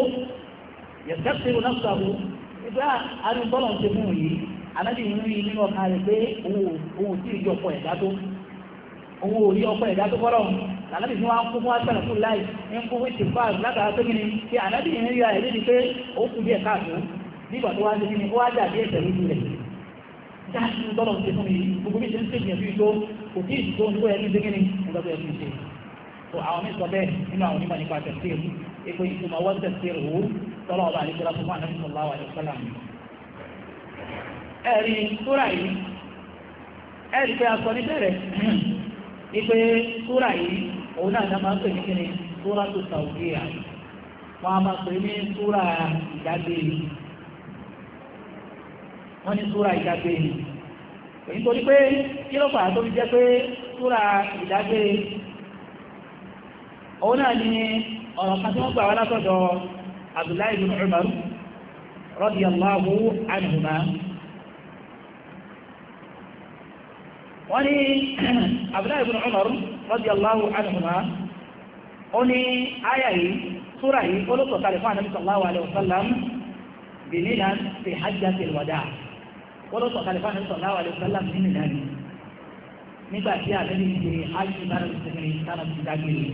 yẹ̀sẹ̀kẹ́sẹ̀ wọn náà sàbò ìgbà arúgbọ́lọ̀ ṣe fún yìí ànábì yẹn rí nínú ọ̀ka rẹ̀ pé òun ò tí ì yọ ọkọ̀ ẹ̀dá tó òun ò rí ọkọ̀ ẹ̀dá tó fọ́rọ̀ ànábì tí wọ́n kú fún asẹ́nà fún láì ń kú wíṣì fáàlù látara tó kíni pé ànábì yẹn rí ara ẹ̀ káàkiri tọ́lọ̀ ṣe fún mi gbogbo bí ṣe ń ṣègbìyànjú tó kò tí ì tó ń tó ẹni ṣe kíni nígbà tó ẹni ṣe tó àwọn mí sọ bẹ́ẹ̀ nínú àwọn onímọ̀ nípa tẹ̀síìr epo ìtumọ̀ wọ́n tẹ̀síìr wò tọ́lọ̀ ọba àdìsọ́lá fún àná nínú ọlá wàlẹ̀ sọ́lá mi. ẹ̀rí súrà yìí wọ́n ní súra ìdágbé ni èyí torí pé kí ló fà tó fi jẹ́ pé súra ìdágbé òun náà ni ọ̀rọ̀ kan tí wọ́n gbà wá látọ̀dọ̀ Abdullahi bin Umar radiyallahu anhuma wọ́n ní Abdullahi bin Umar radiyallahu anhuma ó ní áyà yìí súra yìí ó ló fún Ànábì sallallahu wọ́n ló sọ kàlífà ní sọ̀lá wà lè sọ́lá nínú ìdáni nígbà tí àbẹ́lẹ̀ ń ṣe ájú ìdára ti sẹ́kẹ̀rẹ̀ ìdára ti dágbére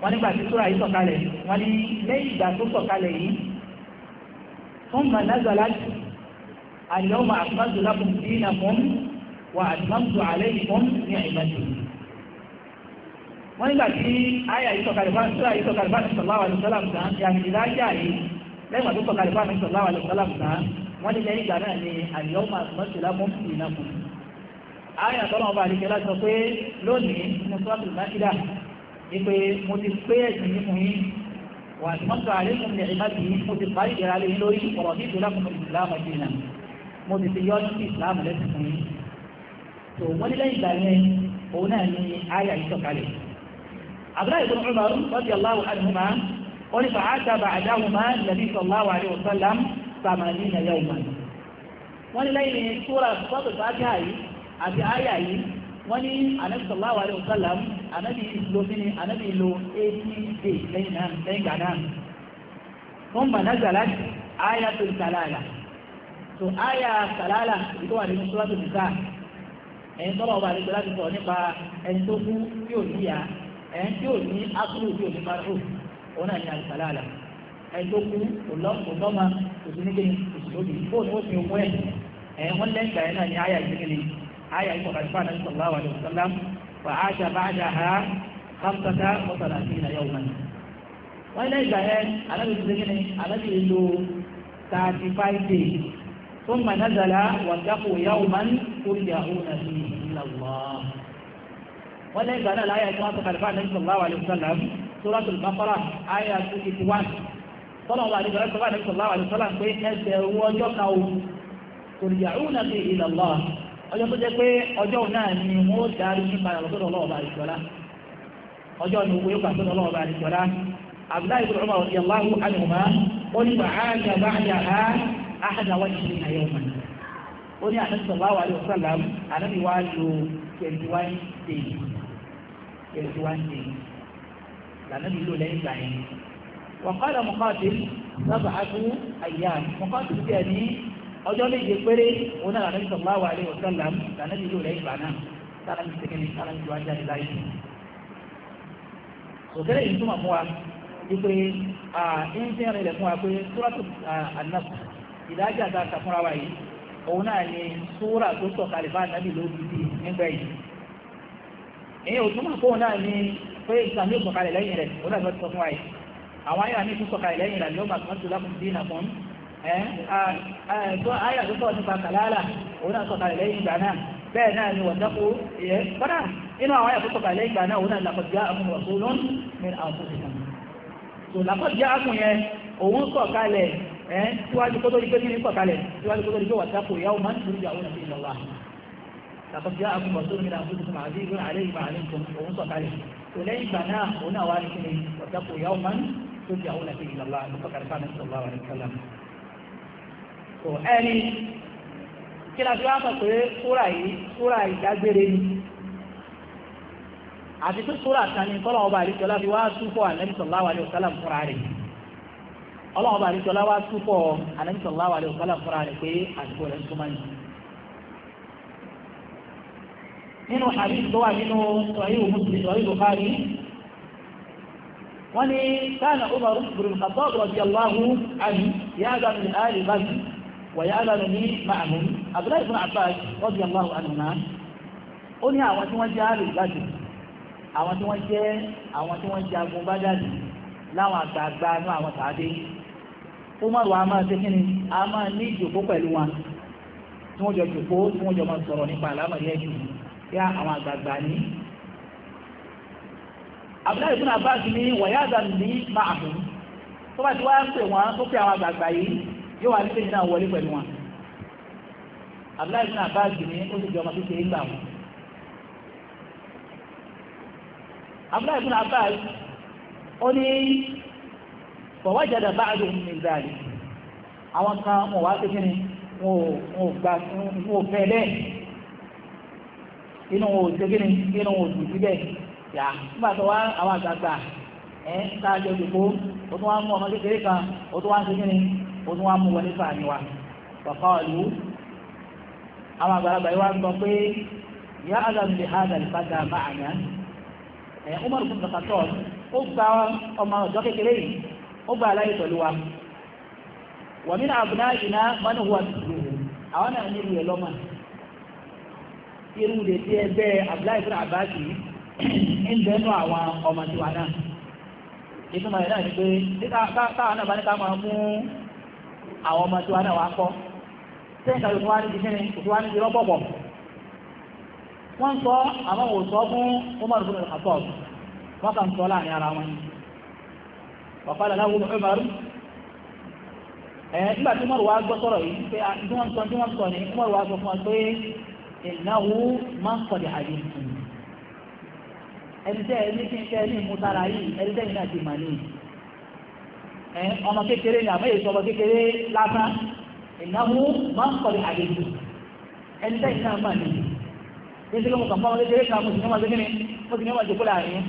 wọ́n nígbà tí súra yìí sọ̀kalẹ̀ wọ́n ní lẹ́yìn ìgbà tó sọ̀kalẹ̀ yìí fún manazala àlọ́mà àtúmọ̀tò lákùn sí iná fún wà àtúmọ̀tò àlẹ́ ìfún ní àìbájú wọ́n nígbà tí àyà yìí sọ̀kalẹ̀ fún àtúrà yìí sọ̀kalẹ̀ fún àtúrà wà lè sọ́lá lẹ́gbàá tó sọ̀kalẹ̀ fún àmì sallallahu alaihi wasallam wọ́n ní lẹ́yìn ìgbà náà ni al-yawma akmaltu lakum dinakum àyà tọ́lọ́wọ́n bá àdìgẹ́lá sọ pé lónìí mo sọ́ àtùlù mákìdá ìpè mo ti pé ẹ̀sìn yín yín wà á àlékún ní ìmáàdì yín mo ti parí ìdẹ̀ra lé lórí ọ̀rọ̀ ní ìtura fún wọ́n ní fàáṣà bá àdáhùn máa nàbí sọ̀láwà àríwọ̀ sálám sàmàlì nà yà ọmọ wọ́n ní lẹ́yìn súra sọ́tò fàáṣà yìí àti àyà yìí wọ́n ní ànábì sọ̀láwà àríwọ̀ sálám ànábì ìlò bí ní ànábì ìlò 80 days lẹ́yìn náà lẹ́yìn gàdá wọ́n bà náà zàlá àyà tó ń sàlàlà tó àyà sàlàlà ìtọ́ òun náà ní àlùfàlàlà ẹni tó kú òlọ́mà òsínìkìní òsìlóbì bóòlù ó ti mú ẹ̀ ẹ̀ wọ́n lẹ́gbàá ẹ̀ náà ní àyà ìsìnkìní àyà ìkọ̀kàdìfà náà sallallahu alaihi wasallam wà á ṣe àbájá ha hamsata mọ́tàlá sí ìlà yọ̀ wọn. wọ́n lẹ́gbàá ẹ̀ alábìsìnkìní alábìsìnkìní thirty five days ثم نزل واتقوا يوما ترجعون فيه الى الله ولذا لا يتوافق الفعل صلى الله عليه وسلم suratul baqara àyà tó ti ti wá tọ́lọ̀ wà ní ìgbàlẹ́ sọ́lá àdéhùn sọ́lá àdéhùn sọ́lá pé ẹsẹ̀ owó ọjọ́ kan o kò ní yàrá òun náà fi ila Allah ọjọ́ tó jẹ́ pé ọjọ́ náà ni wọ́n darí nípa ìrọ̀lọ́sọ́dọ̀ ọlọ́ọ̀bà àdìsọ́lá ọjọ́ ni owó yóò gbà sọ́dọ̀ ọlọ́ọ̀bà àdìsọ́lá abdullahi ibn umar days twenty days lànàbí ló lẹ́yìn ìgbà yẹn wàkàlà Muqatil sab'atu ayyam Muqatil ti ẹ̀ ní ọjọ́ méje péré òun náà lànàbí sallallahu alaihi wa sallam lànàbí ló lẹ́yìn ìgbà náà sálàmì sẹ́kẹ́ni sálàmì tó ajá nílá yìí sòtẹ́lẹ̀ yìí túmọ̀ fún wa wípé ń fi hàn ilẹ̀ fún wa pé súrátù An-Nas ìdájà tá a kà fúnra wa yìí òun náà ni súrà tó sọ̀kalẹ̀ bá nàbì ló fi di nígbà yìí èyí ò túmọ̀ fóun náà ni pé ìsàn ní ìsọ̀kalẹ̀ lẹ́yìn rẹ̀ ó dàbí ọtí sọ fún wa yìí àwọn ayé àmì ìsọ̀kalẹ̀ lẹ́yìn rẹ̀ ló máa tún lákùn dín nà fún ayé àdúgbò nípa kàlálà ó náà sọ̀kalẹ̀ lẹ́yìn ìgbà náà bẹ́ẹ̀ náà ni wọ̀dọ́kú ìyẹ́ kọ́dà inú àwọn ayé àdúgbòkalẹ̀ ìgbà náà ó náà làkọ̀díá tó lẹ́yìn ìgbà náà òun náà wá ní kíni ọ̀dàpọ̀ ìyá ọmọ ní tó di àwọn àti ìlàlá àlùfọ́kàrí fáwọn ẹ̀sìn ọ̀la wàlẹ̀ kálá. tó ẹni kí la fi wá sọ pé súrà yìí súrà ìdágbére ni àti tó súrà kan ní kọ́lọ́ ọba àlejò láti wá súpọ̀ àlẹ́sọ̀lá wàlẹ̀ kálá fúnra rẹ̀ ọlọ́wọ́ bá àlejò láwá súpọ̀ àlẹ́sọ̀lá wàlẹ̀ kálá fúnra rẹ̀ pé àdúgbò rẹ̀ súnmọ́ yìí nínú hadith tó wà nínú sọ̀rọ̀ Muslim sọ̀rọ̀ Bukhari wọ́n ni kana Umar ibn Khattab radiyallahu anhu ya'zanu wa ya'zanu li ma'ahum Abdullah ibn Abbas radiyallahu anhuma ó ní àwọn tí wọ́n jẹ́ ahli Badr àwọn tí wọ́n jẹ́ àwọn tí wọ́n jẹ́ agun bájáde láwọn àgbààgbà a yá àwọn àgbààgbà ní abdullahi ibn abbas ní wàyáàdà ní máa hù tó bá ti wá ń pè wọn tó pé àwọn àgbààgbà yìí yóò wá ní pé náà wọlé pẹ̀lú wọn abdullahi ibn abbas ní ó sì jọ ọmọ kékeré gbà wọn abdullahi ibn abbas ó ní fọwọ́jàdà bá àdùn ní ìdáàlì àwọn kan wọn wá pé kí ni wọn ò fẹ́ bẹ́ẹ̀ inú wọn ò ṣe kí ni inú wọn ò dùn síbẹ̀ yà nígbà tó wá àwọn àgbààgbà ẹ̀ ń ta àjọ ìdìbò ó tún wá mú ọmọ kékeré kan ó tún wá ṣe kí ni ó tún wá mú wọlé fàánì wa bàbá ọ̀lú àwọn àgbàlagbà yìí wá ń sọ pé ìyá àgàmìlì àgàlì fàdà máa yàn ẹ̀ ó mọ̀rùn fún ìtàkàtọ̀ ó gba ọmọ ọ̀dọ́ kékeré yìí ó gba aláyè pẹ̀lú wa wàmínà àbúná ìná mọ́nù wà irú lè ti ẹgbẹ́ abdullahi fún abasi ń bẹnu àwọn ọmọ tiwa náà ìtumọ̀ rẹ̀ náà ni pé káwọn náà bá ní ká máa mú àwọn ọmọ tiwa náà wá kọ́ sẹ́yìn kan òtún wá níbi kíni òtún wá níbi rọ́bọ̀bọ̀ wọ́n sọ àwọn òsọ fún Umar bin al-Khattab wọ́n kà ń sọ láàrin ara wọn ọ̀páda láwọn Umar ẹ̀ nígbà tí Umar wá gbọ́ sọ̀rọ̀ yìí pé ah, tí wọ́n sọ tí wọ́n sọ ni Umar wá sọ fún wa pé ìnáwó máa ń kọ̀dẹ̀ àyè ìtùn ẹni tẹ́ ẹni tí ń tẹ́ ní ìmútara yìí ẹni tẹ́ ìrìnàjò mà ní ẹ ọmọ kékeré ní àmọ́ èso ọmọ kékeré lásán ìnáwó máa ń kọ̀dẹ̀ àyè ìtùn ẹni tẹ́ ìrìnàjò mà ní ẹni tẹ́ ìrìnàjò mà ní ẹni ní ẹni tẹ́ ìrìnàjò mà ní ẹni tẹ́ ìrìnàjò mà ní ẹni ní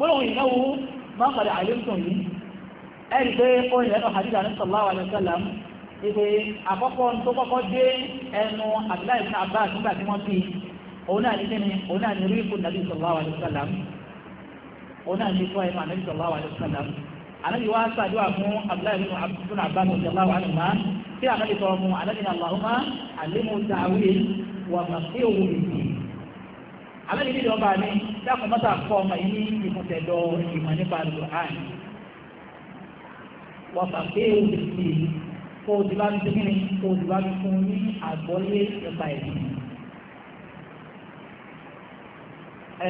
ẹni tẹ́ ìrìnàjò mà ní ní ẹni tẹ́ ìrìnàjò mà ní ẹni tẹ́ ìrìnàjò mà ní ẹni ẹni tẹ́ ìrìnàjò mà ní ìpè àkọ́kọ́ tó kọ́kọ́ dé ẹnu Abdullahi ibn Abbas nígbà tí wọ́n fi òun náà ní kíni òun náà ní rí ikú nàbí sallallahu alaihi wasallam òun náà ní ikú ẹnu ànábì sallallahu alaihi wasallam ànábì wá sàdúrà fún Abdullahi ibn Abbas sallallahu alaihi wasallam kí ànábì sọ mu ànábì ní Allahumma alimu ta'wil wà màkì òwò ìdí ànábì ní ìjọba mi dákun mọ́tà kó o ti bá mi kí ni kó o ti bá mi fún un ní àgbọ́yé nípa ẹ̀sìn.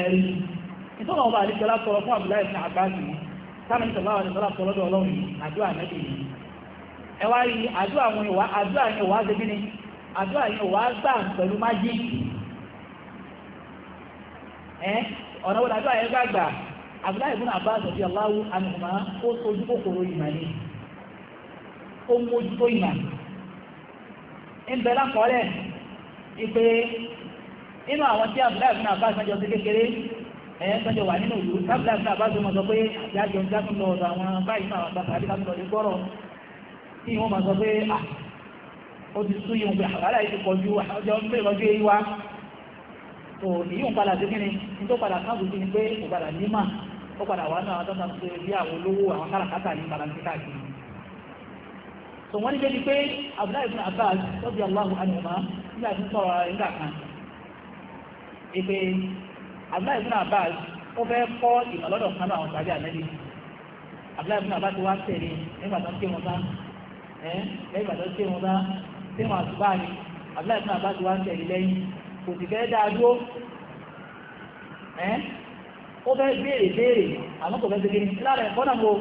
ẹ̀rí ìtọ́nà ọba àdìsọ́lá sọ̀rọ̀ fún Abdullahi ibn Abbas yìí sáàmì sọ̀rọ̀ àwọn àdìsọ́lá sọ̀rọ̀ lọ́dọ̀ ọlọ́run yìí àdúrà nẹ́bì yìí ẹ wá rí àdúrà àwọn ìwà àdúrà yẹn wà á ṣe kí ni àdúrà yẹn wà á gbà pẹ̀lú májíìkì ẹ ọ̀nà wọn àdúrà yẹn gbàgbà Abdullahi ibn Abbas radiyallahu anhuma ó ó mójútó ìmọ̀ ń bẹ lákọọ́lẹ̀ ìpè inú àwọn tí abdullahi bin abbas náà jọ sí kékeré ẹ̀yẹ́ sọ́jọ́ wà nínú ìlú tábìlì àti àbájọ mọ̀ sọ pé àjájọ ń dákùn lọ ọ̀dọ̀ àwọn báyìí náà àgbà tàbí ká lọ gbọ́rọ̀ tí wọ́n mọ̀ sọ pé à ó ti sú yìí pé àwárà yìí ti pọ̀ ju àjọ ń pè lọ́jọ́ èyí wá tó èyí ń padà sí kíni ní tó padà sáàbù sí ni pé kò padà ní mà ó padà wà náà tó sàn pé àwọn olówó àwọn káràkátà ní padà sí káàkiri tó wọ́n ní jẹ́ ti pé Abdullahi ibn Abbas lọ́bí Allahu anuma nígbà tí ń sọ̀rọ̀ nígbà kan ìpè Abdullahi ibn Abbas ó fẹ́ kọ́ ìmọ̀lọ́dọ̀ kan náà àwọn tàbí ànẹ́bí Abdullahi ibn Abbas ti wá tẹ̀lé nígbà tó ń ké wọn bá ẹ́ lẹ́yìn tó ń ké wọn bá tí wọn àtúbà ni Abdullahi ibn Abbas ti wá tẹ̀lé lẹ́yìn kò sì fẹ́ dáa dúró ẹ́ ó fẹ́ béèrè béèrè àmọ́ kò fẹ́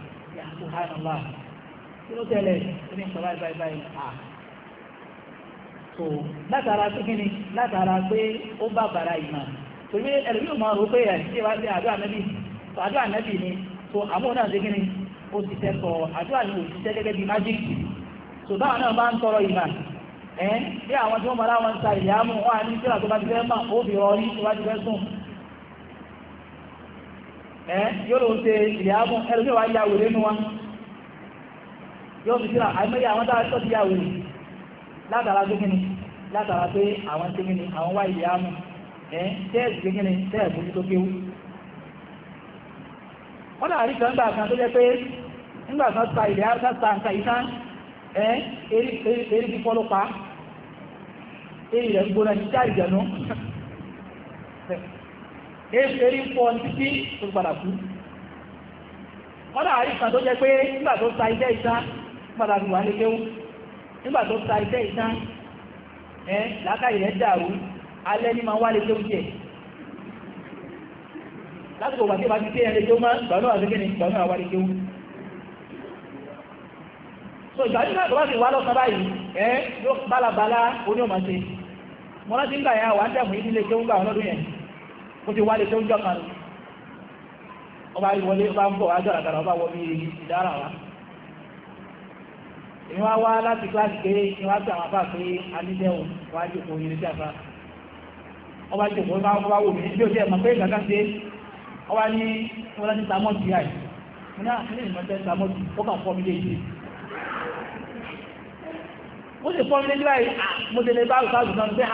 subhanallah kí ló tẹ́lẹ̀ ní báyìí à so látara pé kí ni látara pé ó bá bàrà ìmọ̀ torí ẹ̀rọ yóò máa rò pé ẹ̀ ṣé wá sí àdó ànábì àdó ànábì ni so àmọ́ náà ṣe kí ni ó ti tẹ́ àdó ànábì ò ti tẹ́ gẹ́gẹ́ bí májíìkì so báwọn náà bá ń tọrọ ìmọ̀ ẹ̀ bí àwọn tí wọ́n mọ̀ láwọn ń ta ìyá mú wọn ẹ́ yóò lóun ṣe ìyàbọ̀ ẹlòmíì wá yà wèrè nù wa yóò fi síra àìmọye àwọn tá a tọ́ ti yà wèrè látara tó kíni látara pé àwọn tó kíni àwọn wá ìyàmọ̀ ẹ́ tẹ́ẹ̀sì tó kíni tẹ́ẹ̀sì tó kéwú wọ́n náà rí kan gbà kan tó jẹ́ pé nígbà kan ta ilẹ̀ áríkà ta nǹkan ìta ẹ́ eré ti fọ́ ló pa eré rẹ̀ gbóná ti já ìjẹ̀nu èéfèrí pọ̀ títí tó padà kú ọ̀dà àríkà tó jẹ́ pé nígbà tó sa iṣẹ́ ìta padà lù wà ní kéwú nígbà tó sa iṣẹ́ ìta ẹ̀ làákàyè rẹ̀ dàrú alẹ́ ní wá lè jẹ́ ti tẹ́ ẹ̀rẹ́ tó máa gbà náà so ìgbà nígbà tó bá wá yóò ṣe ń gbà yà wà ìdílé ó ti wálé tó ń jọ kan ọba ìwọlé ọba ń bọ̀ wá jọ àtàrà ọba wọ bí ìdára wa èmi wá wá láti kíláàsì pé ni wá sí àwọn afá pé a ní dẹ́wọ̀n wá jòkó yìí sí àfá ọba jòkó bá wọ́n bá wò mí bí ó jẹ́ ẹ̀mọ̀ pé ìgbàgbà ṣe ọba ní wọ́n láti tamọ́tì àì mo ní àkílẹ̀ ah, ìmọ̀ tẹ́ tamọ́tì ó kà fọ́ mi lé ìdí ó sì fọ́ mi lé ìdí báyìí ah, mo tẹ̀lé bá òṣàlù náà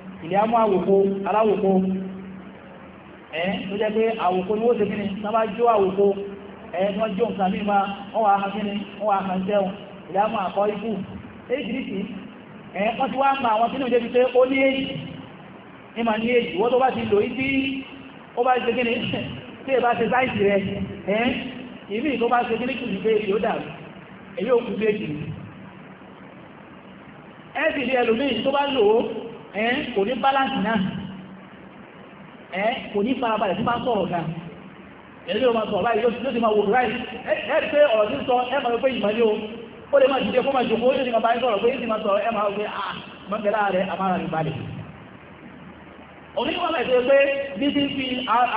ilé amú àwòkó aláwòkó ẹ̀ tó jẹ́ pé àwòkó ni wọ́n ṣe kíni sábà jó àwòkó ẹ̀ wọ́n jó nǹkan míì máa wọ́n wà á kíni wọ́n wà á jẹun ilé amú àkọ́ ikú éjìrìsì ẹ̀ wọ́n ti wá ma àwọn sínú ìjẹ́bi pé ó ní èyí ní ma ní èyí wọ́n tó bá ti lò í tí ó bá ṣe kíni tí ìbá ṣe sáìsì rẹ̀ ẹ̀ ìbí tó bá ṣe kíni kìí pé èyí ó dàrú èyí ó kú sí èjì ẹ̀sì ilé ẹlòmíì tó bá lò ó ẹ́ kò ní balance náà ẹ́ kò ní farabalẹ̀ tí bá sọ̀rọ̀ náà ẹ̀rí o máa sọ̀rọ̀ báyìí yóò ti máa wò ráì ẹ́ pé ọ̀rọ̀ tí ń sọ ẹ́ máa pé ìmọ̀ ní o ó lè máa dìde fún máa jòkó ó lè máa bá ń sọ̀rọ̀ pé ìsìn máa sọ̀rọ̀ ẹ́ máa wò pé à ah, mọ́tẹ́lá rẹ̀ àmàrà rẹ̀ balẹ̀ oníwọ̀n mẹ́sẹ̀ pé bí sí fi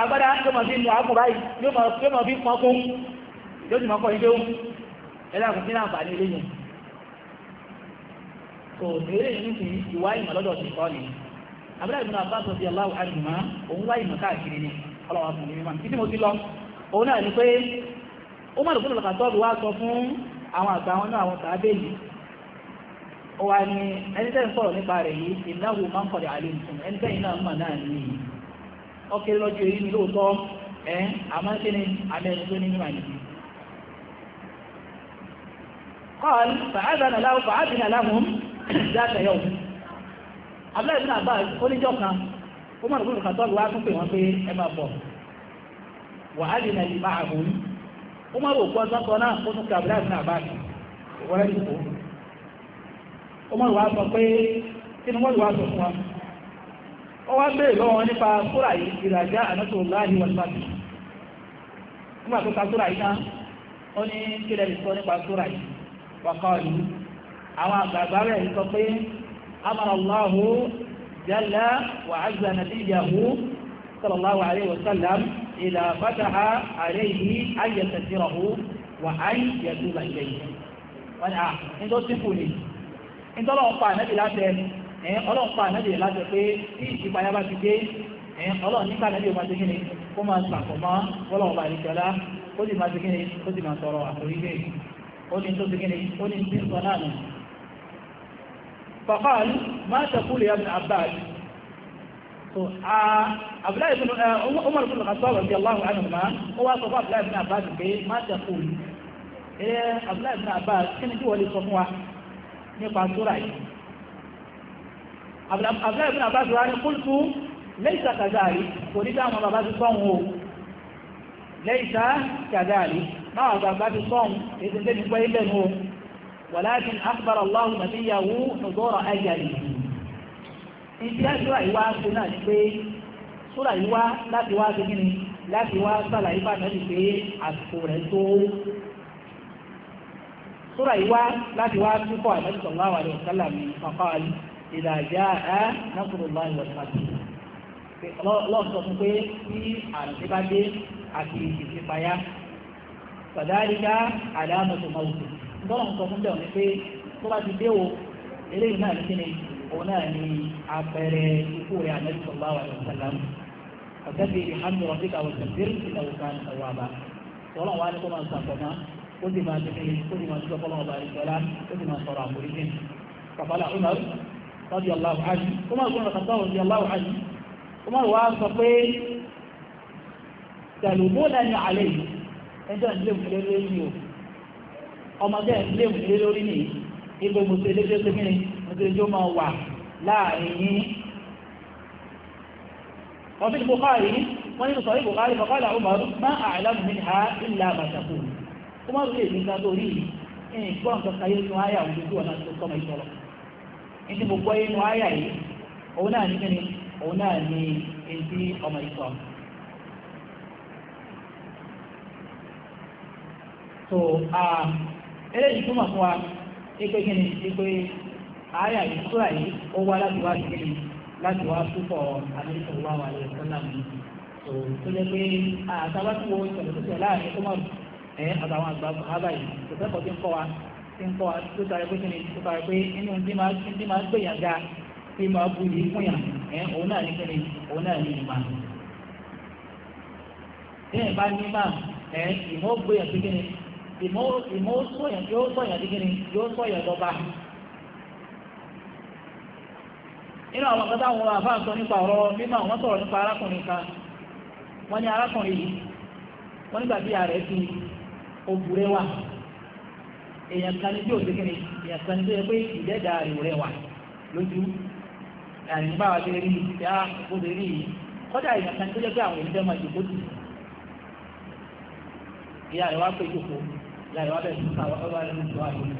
agbádá yóò máa fi nù ágùn báyìí yóò máa fi pọnkún yóò sì máa kọ́ ilé ó so n'ele yìí ti ìwá ìmọ̀ lọ́dọ̀ ti kọ́ ni abúlé ìbùnà bá sọ aláwọ̀ àdìmọ́ òun wá ìmọ̀ káàkiri ni ọlọ́wọ́ fún mi títí mo ti lọ òun náà ni pé ó mọ̀ lùkúrò lọ́kà tọ́ọ̀bù wá sọ fún àwọn àgbà wọn náà àwọn ó wá ní ẹni tẹ́ ń sọ̀rọ̀ nípa rẹ̀ yìí ìnáwó máa ń àlè nìkan ẹni tẹ́ iná ni قال له لهم láti ẹ̀yọ́ abúlé ìlú àbá oníjọ́ kan ó mọ̀ nígbà tó lù wá tún wọ́n pé ẹ máa bọ̀ wà á lè nà ìlú máa ó mọ̀ òkú ọjọ́ kan náà ó tún kí ó mọ̀ sọ pé kí sọ fún wa ó wá bèèrè lọ́wọ́ nípa yìí ànátò láàrin wọn nígbà tó ka yìí náà ó ní àwọn àgbààgbà rẹ̀ sọ pé amọ̀rànláhù jalla wa azza nabiyahu sallallahu alayhi wa sallam ìlà fataha alayhi ayyatazirahu wa ayyatuba ilayhi wọ́n ni à ń tó sípò ni ń tọ́lọ́ ń pa ànábì láti ẹ̀ ọlọ́run pa ànábì ti dé ti kíni kó ó ti máa sọ̀rọ̀ àforíjì ó ní tó ti kíni ó ní tí ń sọ náà nù فقال ما تقول يا ابن عباس عبد الله بن عمر بن الخطاب رضي الله عنهما هو صفى عبد الله بن عباس ما تقول عبد الله بن عباس كان يجوا لي صفوا نقع سورة عبد الله بن عباس وانا قلت ليس كذلك قلت ما الله بن عباس ليس كذلك ما عبد الله إذا عباس صوم إذن ولكن أخبر الله نبيه حضور أجله ìdí àdúrà ìwá ṣe náà ni pé súrà ìwá láti wá ṣe kí ni láti wá sàlàyé bá náà ni pé àsìkò rẹ̀ tó súrà ìwá láti wá túkọ̀ àmọ́sí sallallahu alaihi wasallam faqala idha jaa nasrullahi wal fath lọ́sọ̀ fún pé tí àrùn bá dé àti ìṣèpáyà fadhalika alamatu mawti tọ́lọ̀ ń sọ fún bẹ́ẹ̀ ni pé tó bá ti dé o eléyìí náà ní kí ni òun náà ni àpẹẹrẹ ikú rẹ̀ àmẹ́lì sọ̀lá wà lọ́wọ́ sàlámù ọ̀tẹ́bí ìhàmì ọ̀dí kàwé tẹ̀síìrì ìlàwùká ìtàwà bá tọ́lọ̀ wá ní kó máa sàkọ̀mọ́ ó sì máa tẹ̀lé ó sì máa tọ́ fọlọ́ ọba ìṣọ́lá ó sì máa sọ̀rọ̀ àforíjì kàfàlà Umar rọ́dí aláwọ̀ ájú ẹjọ́ ìdílé òkèlè lórí o ọmọdé ilé ìwé lórí ní ipò mọ̀tò eléjọ́ tó kíni mọ̀tò eléjọ́ máa wà láàrin yín wọ́n fi Bukhari wọ́n nínú sọ̀rọ̀ Bukhari fọ́kọ́lá Umar má àìlàmù mi ha ilà àbàtàkù Umar lè ní ká lórí ní tó kayé nínú àyà òun tó wọn tó kọ́mọ ìṣọ̀rọ̀ ọmọ so ah uh, eléyìí túmọ̀ fún wa ipe kí ni ipe ààyè àyíkúrà yìí ó wá láti wá sí ni láti wá púpọ̀ àdéhùn ìṣòwò àwọn àlejò tó nà mí tó tó jẹ́ pé àtàwátúwò ìṣẹ̀lẹ̀ láàrin tó mọ̀ ẹ̀ àtàwọn àgbà àbá yìí kò sẹ́kọ̀ọ́ tí ń kọ́ wa tí ń kọ́ wa tó tàrí pé kí ni tó tàrí pé inú tí máa tí máa ń gbèyàn ga tí máa bu yìí fún yàn ẹ̀ òun náà ní kí ni òun náà ní ìmọ̀ tí ẹ̀ bá ní mà ẹ̀ ìmọ̀ gbèyàn pé kí ni ìmọ̀ yóò sọ̀yàn dígínì yóò sọ̀yàn lọ́ba nínú àwọn ọ̀gá táwọn àfáà sọ nípa ọ̀rọ̀ mímọ̀ wọ́n sọ̀rọ̀ nípa arákùnrin kan wọ́n ní arákùnrin yìí wọ́n nígbà bí ààrẹ fi òbúrẹ́ wà èèyàn kan ní bí òdígínì èèyàn kan ní tó yẹ pé ìdẹ́dà rẹ̀ wà lójú àrùn bá wa lè rí ìyá òbúrẹ́ yìí kọ́dà èèyàn kan tó yẹ pé àwọn èèyàn máa jòkó tì ìyá rẹ̀ wá pé jòkó ìyá ìwà bẹ̀ sí ọba ẹni tó wà lónìí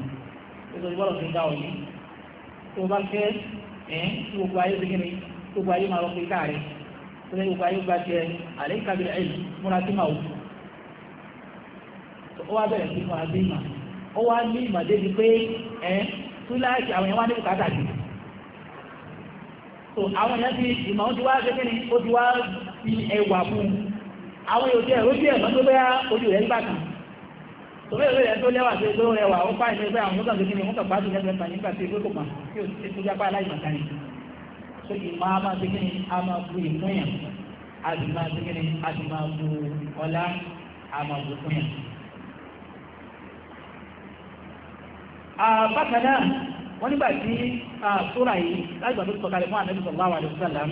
nítorí bọ́lọ̀ ti dá òní tó bá fẹ́ ẹ̀ gbogbo ayé ti kíni gbogbo ayé máa lọ pé káàrí tó gbogbo ayé jẹ àlẹ́ múra wù ó wá bẹ̀rẹ̀ sí múra ó wá ní ìmọ̀ débi pé àwọn wá ní bùkátà jù àwọn ti ìmọ̀ ó ti wá ó tòwé ìlú yẹn tó lẹ́wà tó ló rẹwà ó pa ìlú pé àwọn mọ́tò àgbẹ̀kí ni mọ́tò pàtó lẹ́gbẹ̀ẹ́ nípa nípa tí ó kòpà tí ó ti tó jápá aláìmọ̀ká ni tó kì í máa máa ti kíni a máa bu ìfúnyàn a sì máa ti kíni a sì máa bu ọlá a máa bu fúnyàn. bákan náà wọ́n nígbà tí sóra yìí láti gbàgbé sọ̀kalẹ̀ fún ànábì sallallahu alaihi wasallam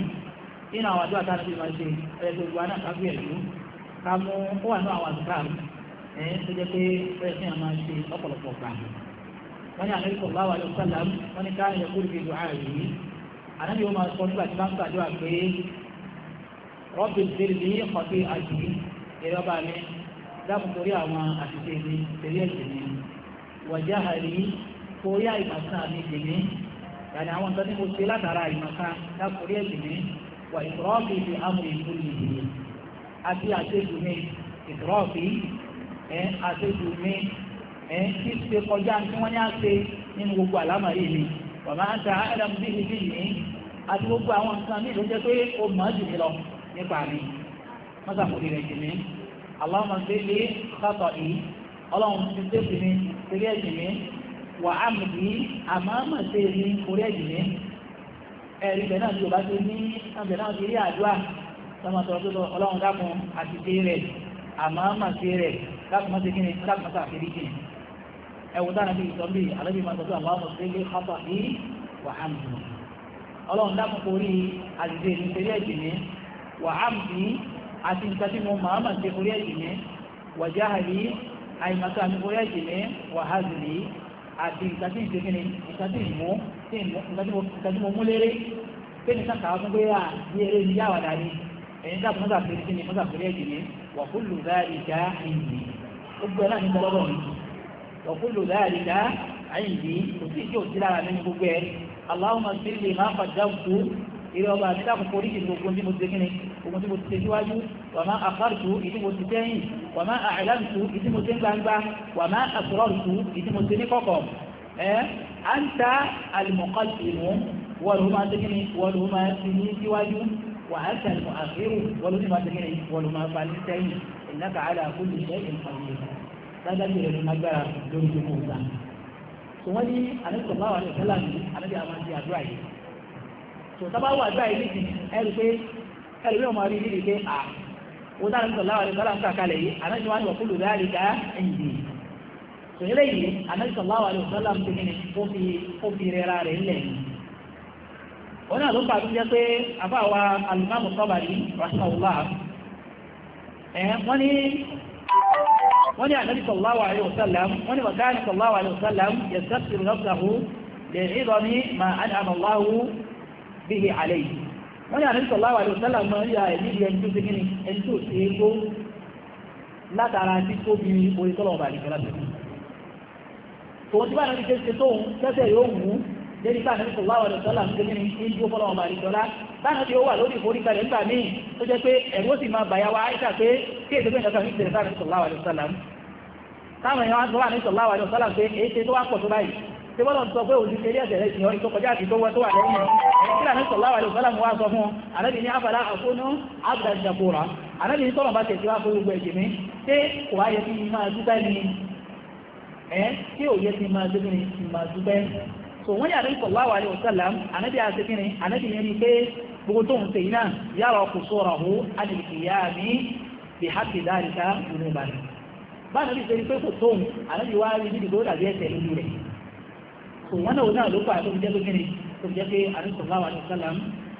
nínú àwọn àdúrà tá ẹ̀ tó jẹ́ pé bẹ́ẹ̀ sí àmà ṣe ọ̀pọ̀lọpọ̀ gbà wọ́n ní àlejò sọ̀rọ̀ láwà ló sálà wọ́n ní káàrin ẹ̀kú rí gbèdò ààrẹ yìí àdáni yóò máa sọ nígbà tí bá ń gbàdúrà pé rọ́bì ìdílé ní ọ̀sẹ̀ àjì ìrọ́bà mi dáàbò torí àwọn àṣìṣe mi tẹ̀lé ẹ̀jẹ̀ mi wọ̀já àrí kórí àìmọ̀kan mi jẹ̀ mi yàrá àwọn nǹkan tí mo ṣe látara àìmọ̀kan dáàbò ẹ̀jẹ̀ mi wà ìtọ́rọ́bì ìdí àmọ̀ ìlú nìyí àti àṣejù mi ìtọ́rọ́bì àṣejù mi kí ṣe kọjá tí wọ́n ní á ṣe nínú gbogbo àlámà yìí ni bàbá ń ta ẹ̀dàmú bí ibi yìí àti gbogbo àwọn nǹkan mi ló jẹ́ pé o mọ̀ jù mí lọ nípa mi mọ́sàkùnrin rẹ̀ jì mí Allahumma ṣẹ́lẹ̀ sátọ̀ yìí ọlọ́run ti ṣe sí mi orí ẹ̀jìn mi wà á mú bí àmàmà ṣe mi orí ẹ̀jìn mi ẹ̀rí bẹ̀ náà yorùbá ti ní àbẹ̀ náà ti rí àdúrà sọ́mọ́tò ọlọ́run dákun àti ṣe rẹ̀ àmàmà ṣe rẹ̀ káàkùmọ́ sí kíni káàkùmọ́ sí àfẹ́rí kíni ẹwù dára bí ìtọ́ bí alábí máa tọ́jú àwọn ọmọ sí ilé hápà ní wàhámdì ọlọ́run dákun kò rí àdìdè ní torí ẹ̀jì ní wàhámdì àti nǹkan tí mo máa mà ṣe orí ẹ̀jì ní wàjáhàlì àìmọ̀tọ́ àmì orí ẹ̀jì ní wàhálì àti nǹkan tí ìṣe kíni nǹkan tí ìmú nǹkan tí mo mú léré pé nìkan kàá fún pé à ní eré ní yáwàdà ni ẹ̀yìn dákun mọ́tà fèrè kíni mọ́tà fèrè ẹ̀jì ní وكل ذلك عندي gbogbo náà ní bọ́lọ́bọ̀ mi وكل ذلك عندي kò sí ìjọ òsì lára nínú gbogbo ẹ̀ اللهم اغفر لي ما قدمت ìrẹ́ ọba àti dákun forí ìlú ogun tí mo ti kíni ogun tí mo ti tẹ̀síwájú wà má àkárùtù ìdí mo ti tẹ́yìn wà má àìlámùtù ìdí mo ti ń gbangba wà má àtúrọ̀tù ìdí mo ti ní kọ̀kọ̀ ẹ́ à ń ta àlùmọ̀kọ́ ìmú wọ́n ló máa ti kíni wọ́n ló máa ti ní síwájú وأنت المؤخر ولما تكين ولما فعلتين إنك على كل شيء قدير هذا من المجال دون موسى wọ́n ní àdéhùnsọ̀lá wà ní ìṣẹ́lá ní àdéhùn àwọn àti àdúrà yìí tó tábà wà àdúrà yìí nìkì ẹ̀rù pé ẹ̀rù yóò máa rí nílì pé à wọ́n dá àdéhùnsọ̀lá wà ní ìṣẹ́lá ń kàkalẹ̀ yìí àdéhùn wà ní wọ̀kúlù rẹ̀ àríkà ẹ̀yìn tó eléyìí àdéhùnsọ̀lá wà ní ìṣẹ́lá ń fi rẹ̀ rẹ̀ ńlẹ̀ yìí wọn náà ló fà tó jẹ́ pé àbáwa alùmáàmù Tabari rahimahullah ẹ̀ wọ́n ní wọ́n ní ànábì sallallahu alayhi wa sallam wọ́n ní wa kana sallallahu alayhi wa sallam yastaghfiru nafsahu li'idami ma an'ama Allahu bihi alayhi wọ́n ní ànábì sallallahu alayhi wa sallam máa ń ya ẹ̀mí ìyẹn tó ti kíni ẹni tó ti gbó látara tí tó bí orí tọ́lọ̀ ọ̀bà nìkan tó ti bá ànábì ṣe tóun tẹ́sẹ̀ yóò wù lérí bá àmì sọ̀rọ̀ àwọn ọ̀dọ̀sọ́là ń gbé ní ìjú ọpọlọ ọmọ àdìsọ́lá báyà bí ó wà lórí ìforí kalẹ̀ nígbà míì tó jẹ́ pé ẹ̀rú ó sì máa bàyá wa áìsà pé kí èdè gbẹ̀yìn ọ̀sán ìṣẹ̀lẹ̀ bá àmì sọ̀rọ̀ àwọn ọ̀dọ̀sọ́là táwọn èèyàn wá sọ àmì sọ̀rọ̀ àwọn ọ̀dọ̀sọ́là pé èyí ṣe tó wá pọ̀ tó báyìí tí wọ́n lọ sọ pé òun ti ṣe eré ẹ̀sẹ̀ rẹ̀ ìyọ́ ìtọ́kọjá àti tó wọ́n tó wà lẹ́yìn ẹ̀yìn tí àmì sọ̀rọ̀ àwọn ọ̀dọ̀sọ́là mú wá sọ fún àrẹ́bì so wọ́n yà ní sallallahu alaihi wasallam anábì àṣekínrin anábì yẹn ni pé gbogbo tó ń tèyí náà yàrá kò sọ̀rọ̀ hó alìkìyà ní bí na. dáríta nínú ìbàdàn bá anábì ṣe pé kò tóun anábì wá rí níbi tó dàbí ẹsẹ̀ lójú rẹ̀ so wọ́n náà náà ló fà tó jẹ́ pé tó fi jẹ́ pé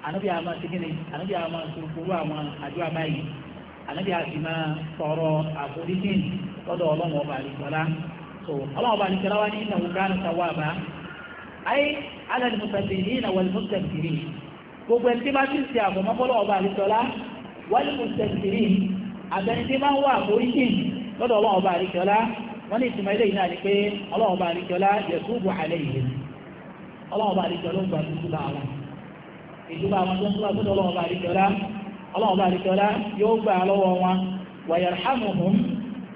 anábì anábì àmà ayé alẹ́lùmùsàtìrìnà wàlùmùsàtìrìn gbogbo ẹni tí bá ti ṣe àbọ̀mọ́fọ́lọ́ ọba àríṣọlá ọba ọba tó ń ọba ọba yóò gbà lọ́wọ́ wọn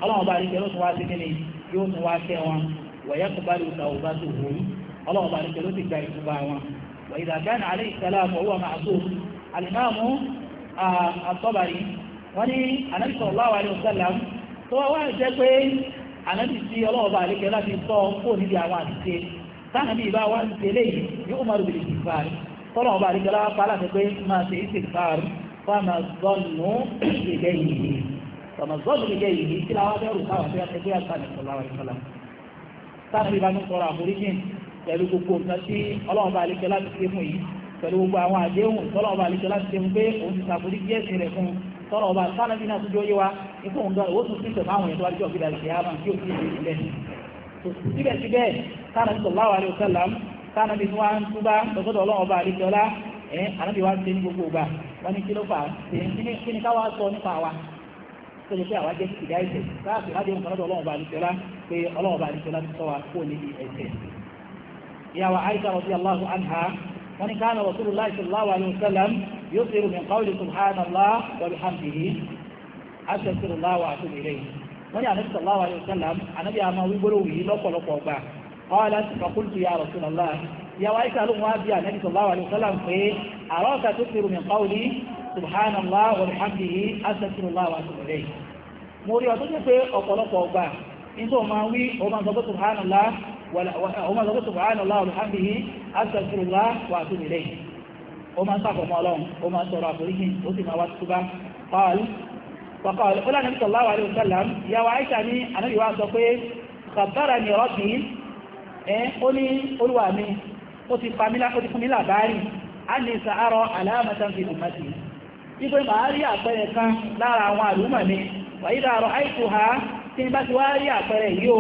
ọba tó wá sí yóò tún wá tó ọlọ́run bá nìkẹ́ ló ti gba ìtúbà wọn wọ́n ìdá gánà alẹ́ ìsàlámù owó àmà àtò alìmáàmù àtọ́bàrí wọ́n ní anábì sallallahu alaihi wasallam tó wá jẹ́ pé anábì sí ọlọ́run bá nìkẹ́ láti sọ kó níbi àwọn àtìṣe tánàbí ìbá wa ń tẹ̀lé yìí ní umaru bìrì ìfàrí tọ́lọ́run bá nìkẹ́ lápá láti pé máa ṣe ìsìnfàrí fáàmà zọ́nù ìgbẹ́ yìí fáàmà zọ́nù ìgbẹ́ yìí kí láwọn bẹ́rù táwọn fẹ́ ẹgbẹ́ àtàlẹ̀ sallallahu alaihi wasallam tánàbí bá ń sọ̀rọ̀ àforíjìn pẹ̀lú gbogbo nǹkan tí ọlọ́run bá àlejò láti ṣe fún yìí pẹ̀lú gbogbo àwọn àdéhùn tọ́lọ́run bá àlejò láti ṣe fún pé òun ti sàbòrí díẹ̀ sí rẹ̀ fún tọ́lọ́run bá sánàbí náà tó jóyé wa ipò òun dọ́rọ̀ ó tún sí ìtẹ̀fà àwọn ìtọ́wájú ọ̀gbìdà ìṣẹ́ àmà tí ó sì ṣe ìbẹ̀ síbẹ̀síbẹ̀ sánàbí sallallahu alaihi wasallam sánàbí tí wọ́n tún bá lọ́sọ́dọ̀ ọlọ́run bá àlejò ọlá ẹ̀ ànábì wa ń ṣe ní gbogbo ìgbà wọ́n ní kí ló fà kí ni káwá sọ nípa wa tó ṣe pé àwa jẹ́ ìdá ẹ̀sẹ̀ láti láti ohun ọlọ́run bá àlejò ọlá pé ọlọ́run bá àlejò ọlá ti sọ wa kó níbi ẹ̀sẹ̀ ìyàwó Aisha radiyallahu anha wọ́n ní kana Rasulullah sallallahu alayhi wa sallam yukthiru min qawli subhanallah wa bihamdihi astaghfirullah wa atubu ilayh wọ́n ní anabi sallallahu alayhi wa sallam anabi àmà wígbóró wì lọ́pọ̀lọpọ̀ gbà qalat fa qultu ya Rasulullah ìyàwó Aisha ló wá bí anabi sallallahu alayhi wa sallam pé araka tukthiru min qawli subhanallah wa bihamdihi astaghfirullah wa atubu ilayh mo rí ọdún pé ọ̀pọ̀lọpọ̀ gbà nítorí wọn máa wí ọmọ sọ pé subhanallah ọmọ ọlọ́gbọ́ subhanahu wa alhamdihi astaghfirullah wa atubu ilayhi ó máa sàkọ̀mọ́ ọlọ́run ó máa sọ̀rọ̀ àforíjì ó sì máa wá túbá pààlú pàpàlú ó lánàá sallallahu alaihi wasallam ìyàwó Aisha ní anáyíwá sọ pé kàbára ni rọ́bì ẹ́ ó ní olúwa mi ó ti fún mi làbárì á ní sàárọ̀ alamatan fi ummati wípé màá rí àpẹẹrẹ kan lára àwọn àlùmọ̀ mi wàyí dàrọ̀ àìkú ha tí n bá ti wá rí àpẹẹrẹ yìí o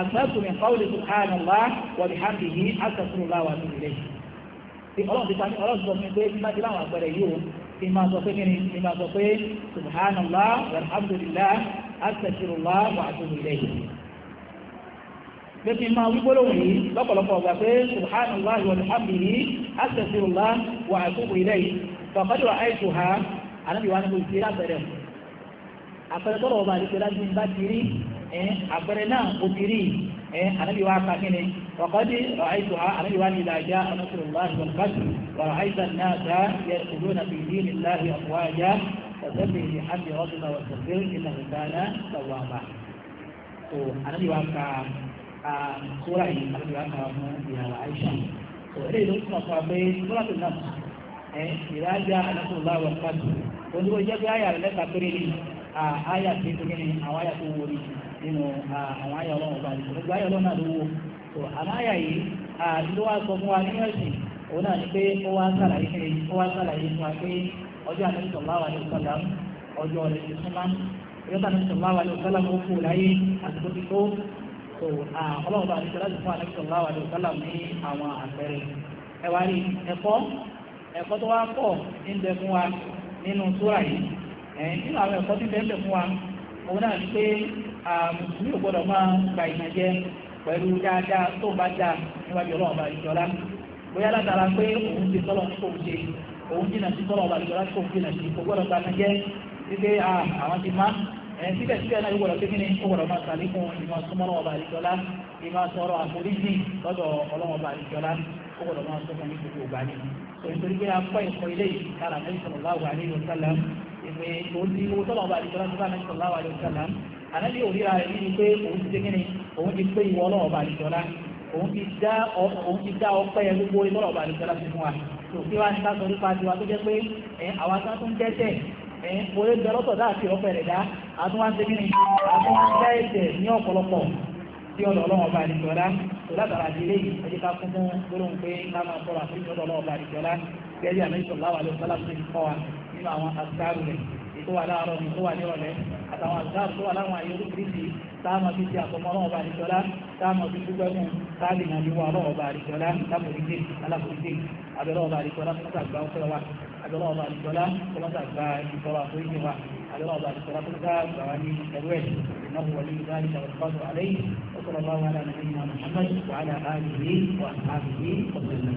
àgbẹ̀kùnrin kọ́ọ̀lù subhanallah wa bihamdihi astaghfirullah wa atubu ilayh tí ọlọ́run ti sami ọlọ́run sọ fún mi pé bí bá ti láwọn àpẹẹrẹ yìí o kí n máa sọ pé kíni kí n máa sọ pé subhanallah walhamdulillah astaghfirullah wa atubu ilayh bẹ́ẹ̀ ni máa wí gbólóhùn yìí lọ́pọ̀lọpọ̀ ọ̀gbà pé subhanallah wa bihamdihi astaghfirullah wa atubu ilayh fàkọ́jọ́ àìsùn ha àpẹẹrẹ tọ́lọ̀ ọba àdìsẹ́ láti bá ti rí àpẹẹrẹ náà ó ti rí ànábì wa pa kíni ọ̀kọ́dé ọ̀háìtò ànábì wa ní ìlàjá ọ̀nàṣẹ́lélọ́láhì wọ̀lùkásì ọ̀háìtà náà dá yẹ ìlú nàbì yìí níláhì ọ̀wájá ọ̀sẹ́bì ìhàmì ọ̀dùnà ọ̀sẹ̀fẹ́ ìlà ìdáná tọ̀wàmà. tó ànábì wa ka sóra yìí ànábì wa ka fún ìyàwó Aisha tó eléyìí ló ń sọ fún wa pé sóra tó náà ìlàjá ọ̀nàṣẹ́lélọ́láhì wọ̀lùkásì Ah, àyà tí ó gẹ́ni àwọn àyà tó wo ni nínú ah, àwọn àyà ọlọ́run ọba àdìsọ gbogbo àyà ọlọ́run náà ló wo tó àmọ́ àyà yìí ah, ló wá sọ fún wa nínú ẹ̀sìn òun náà ni pé ó wá sàlàyé pé ó wá sàlàyé fún wa pé ọjọ́ àdìsọ láwà ní ìsọ̀lá ọjọ́ rẹ̀ ti súnmọ́ ọjọ́ àdìsọ láwà ní ìsọ̀lá ó kú láyé àtúntò ti tó tó ọlọ́run ọba àdìsọ láti fún àdìsọ láwà ní ìsọ̀lá ní nínú àwọn ẹ̀kọ́ tí bẹ́ẹ̀ fún wa òun náà ni pé mùsùlùmí ò gbọ́dọ̀ máa gba ìnàjẹ pẹ̀lú dáadáa tó bá dáa níwájú ọlọ́run ọba ìjọlá bóyá látara pé òun ti tọ́lọ̀ tí kò ṣe òun jìnà sí tọ́lọ̀ ọba ìjọlá tí kò jìnà sí kò gbọ́dọ̀ gba ìnàjẹ wípé àwọn ti má síbẹ̀síbẹ̀ náà ìwọ̀rọ̀ pé kíni ó gbọ́dọ̀ máa sàlékún ìmọ̀ súnmọ́rọ̀ ọba ìjọlá ìmọ̀ sọ̀rọ̀ àforíjì lọ́dọ̀ ọlọ́run ọba ìjọlá ó gbọ́dọ̀ máa sọ́kàn ní gbogbo ìgbà ni. sọ ìtorí pé a kọ́ ìkọ́ ilé yìí lára mẹ́rin sọ̀rọ̀ láwùjọ àlejò sálẹ̀ pé òun ti owó tọ́lọ̀ ọba àdìsọ́lá tó bá ní sọ̀lá wà lóṣù sàlá ànábì òríra rẹ̀ nínú pé òun ti dégé ni òun ti pé ìwọ ọlọ́ọ̀ba àdìsọ́lá òun ti dá ọpẹ́ gbogbo ìtọ́lọ̀ ọba àdìsọ́lá ti fún wa tó kí wá ní ká sọ nípa tiwa tó jẹ́ pé àwa sá tó ń orí bẹ̀rọ̀tọ̀ dáàfi dá àtúnwá ń dégé ni àtúnwá ń dá ẹ̀jẹ̀ ní ọ̀pọ̀lọpọ̀ tí ọ̀dọ̀ ọlọ́run ọba àdìsọ́lá tó látara àdìlẹ́yìn ẹ̀jẹ̀ ká fún fún gẹ́gẹ́ àmẹ́sọ̀ láwà ló sálà fún ìkọ́ wa nínú àwọn àṣìkáàrù rẹ̀ ètò wà láàárọ̀ ní tó wà ní ọ̀lẹ́ àtàwọn àṣìkáàrù tó wà láwọn ayé oríṣiríṣi táàmà fi ti àtọmọ́ ọlọ́wọ́ bá àríṣọ́lá táàmà fi dúpẹ́ fún káàdì náà ní wà ọlọ́wọ́ bá àríṣọ́lá lápòrídé alápòrídé abẹ́lọ́wọ́ bá àríṣọ́lá fún sàgbà ọ̀fẹ́ wa abẹ́lọ́wọ́ bá àríṣọ́lá fún sàgbà ìfọ́ra àforíjì wa abẹ́lọ́wọ́ bá àríṣọ́lá fún sàgbà wa ní ẹrú ẹ̀ ìnáwó wọlé ìdáríkà ọ̀fọ́dọ̀ àlẹ́yìn وصلى الله على نبينا محمد وعلى آله وأصحابه وسلم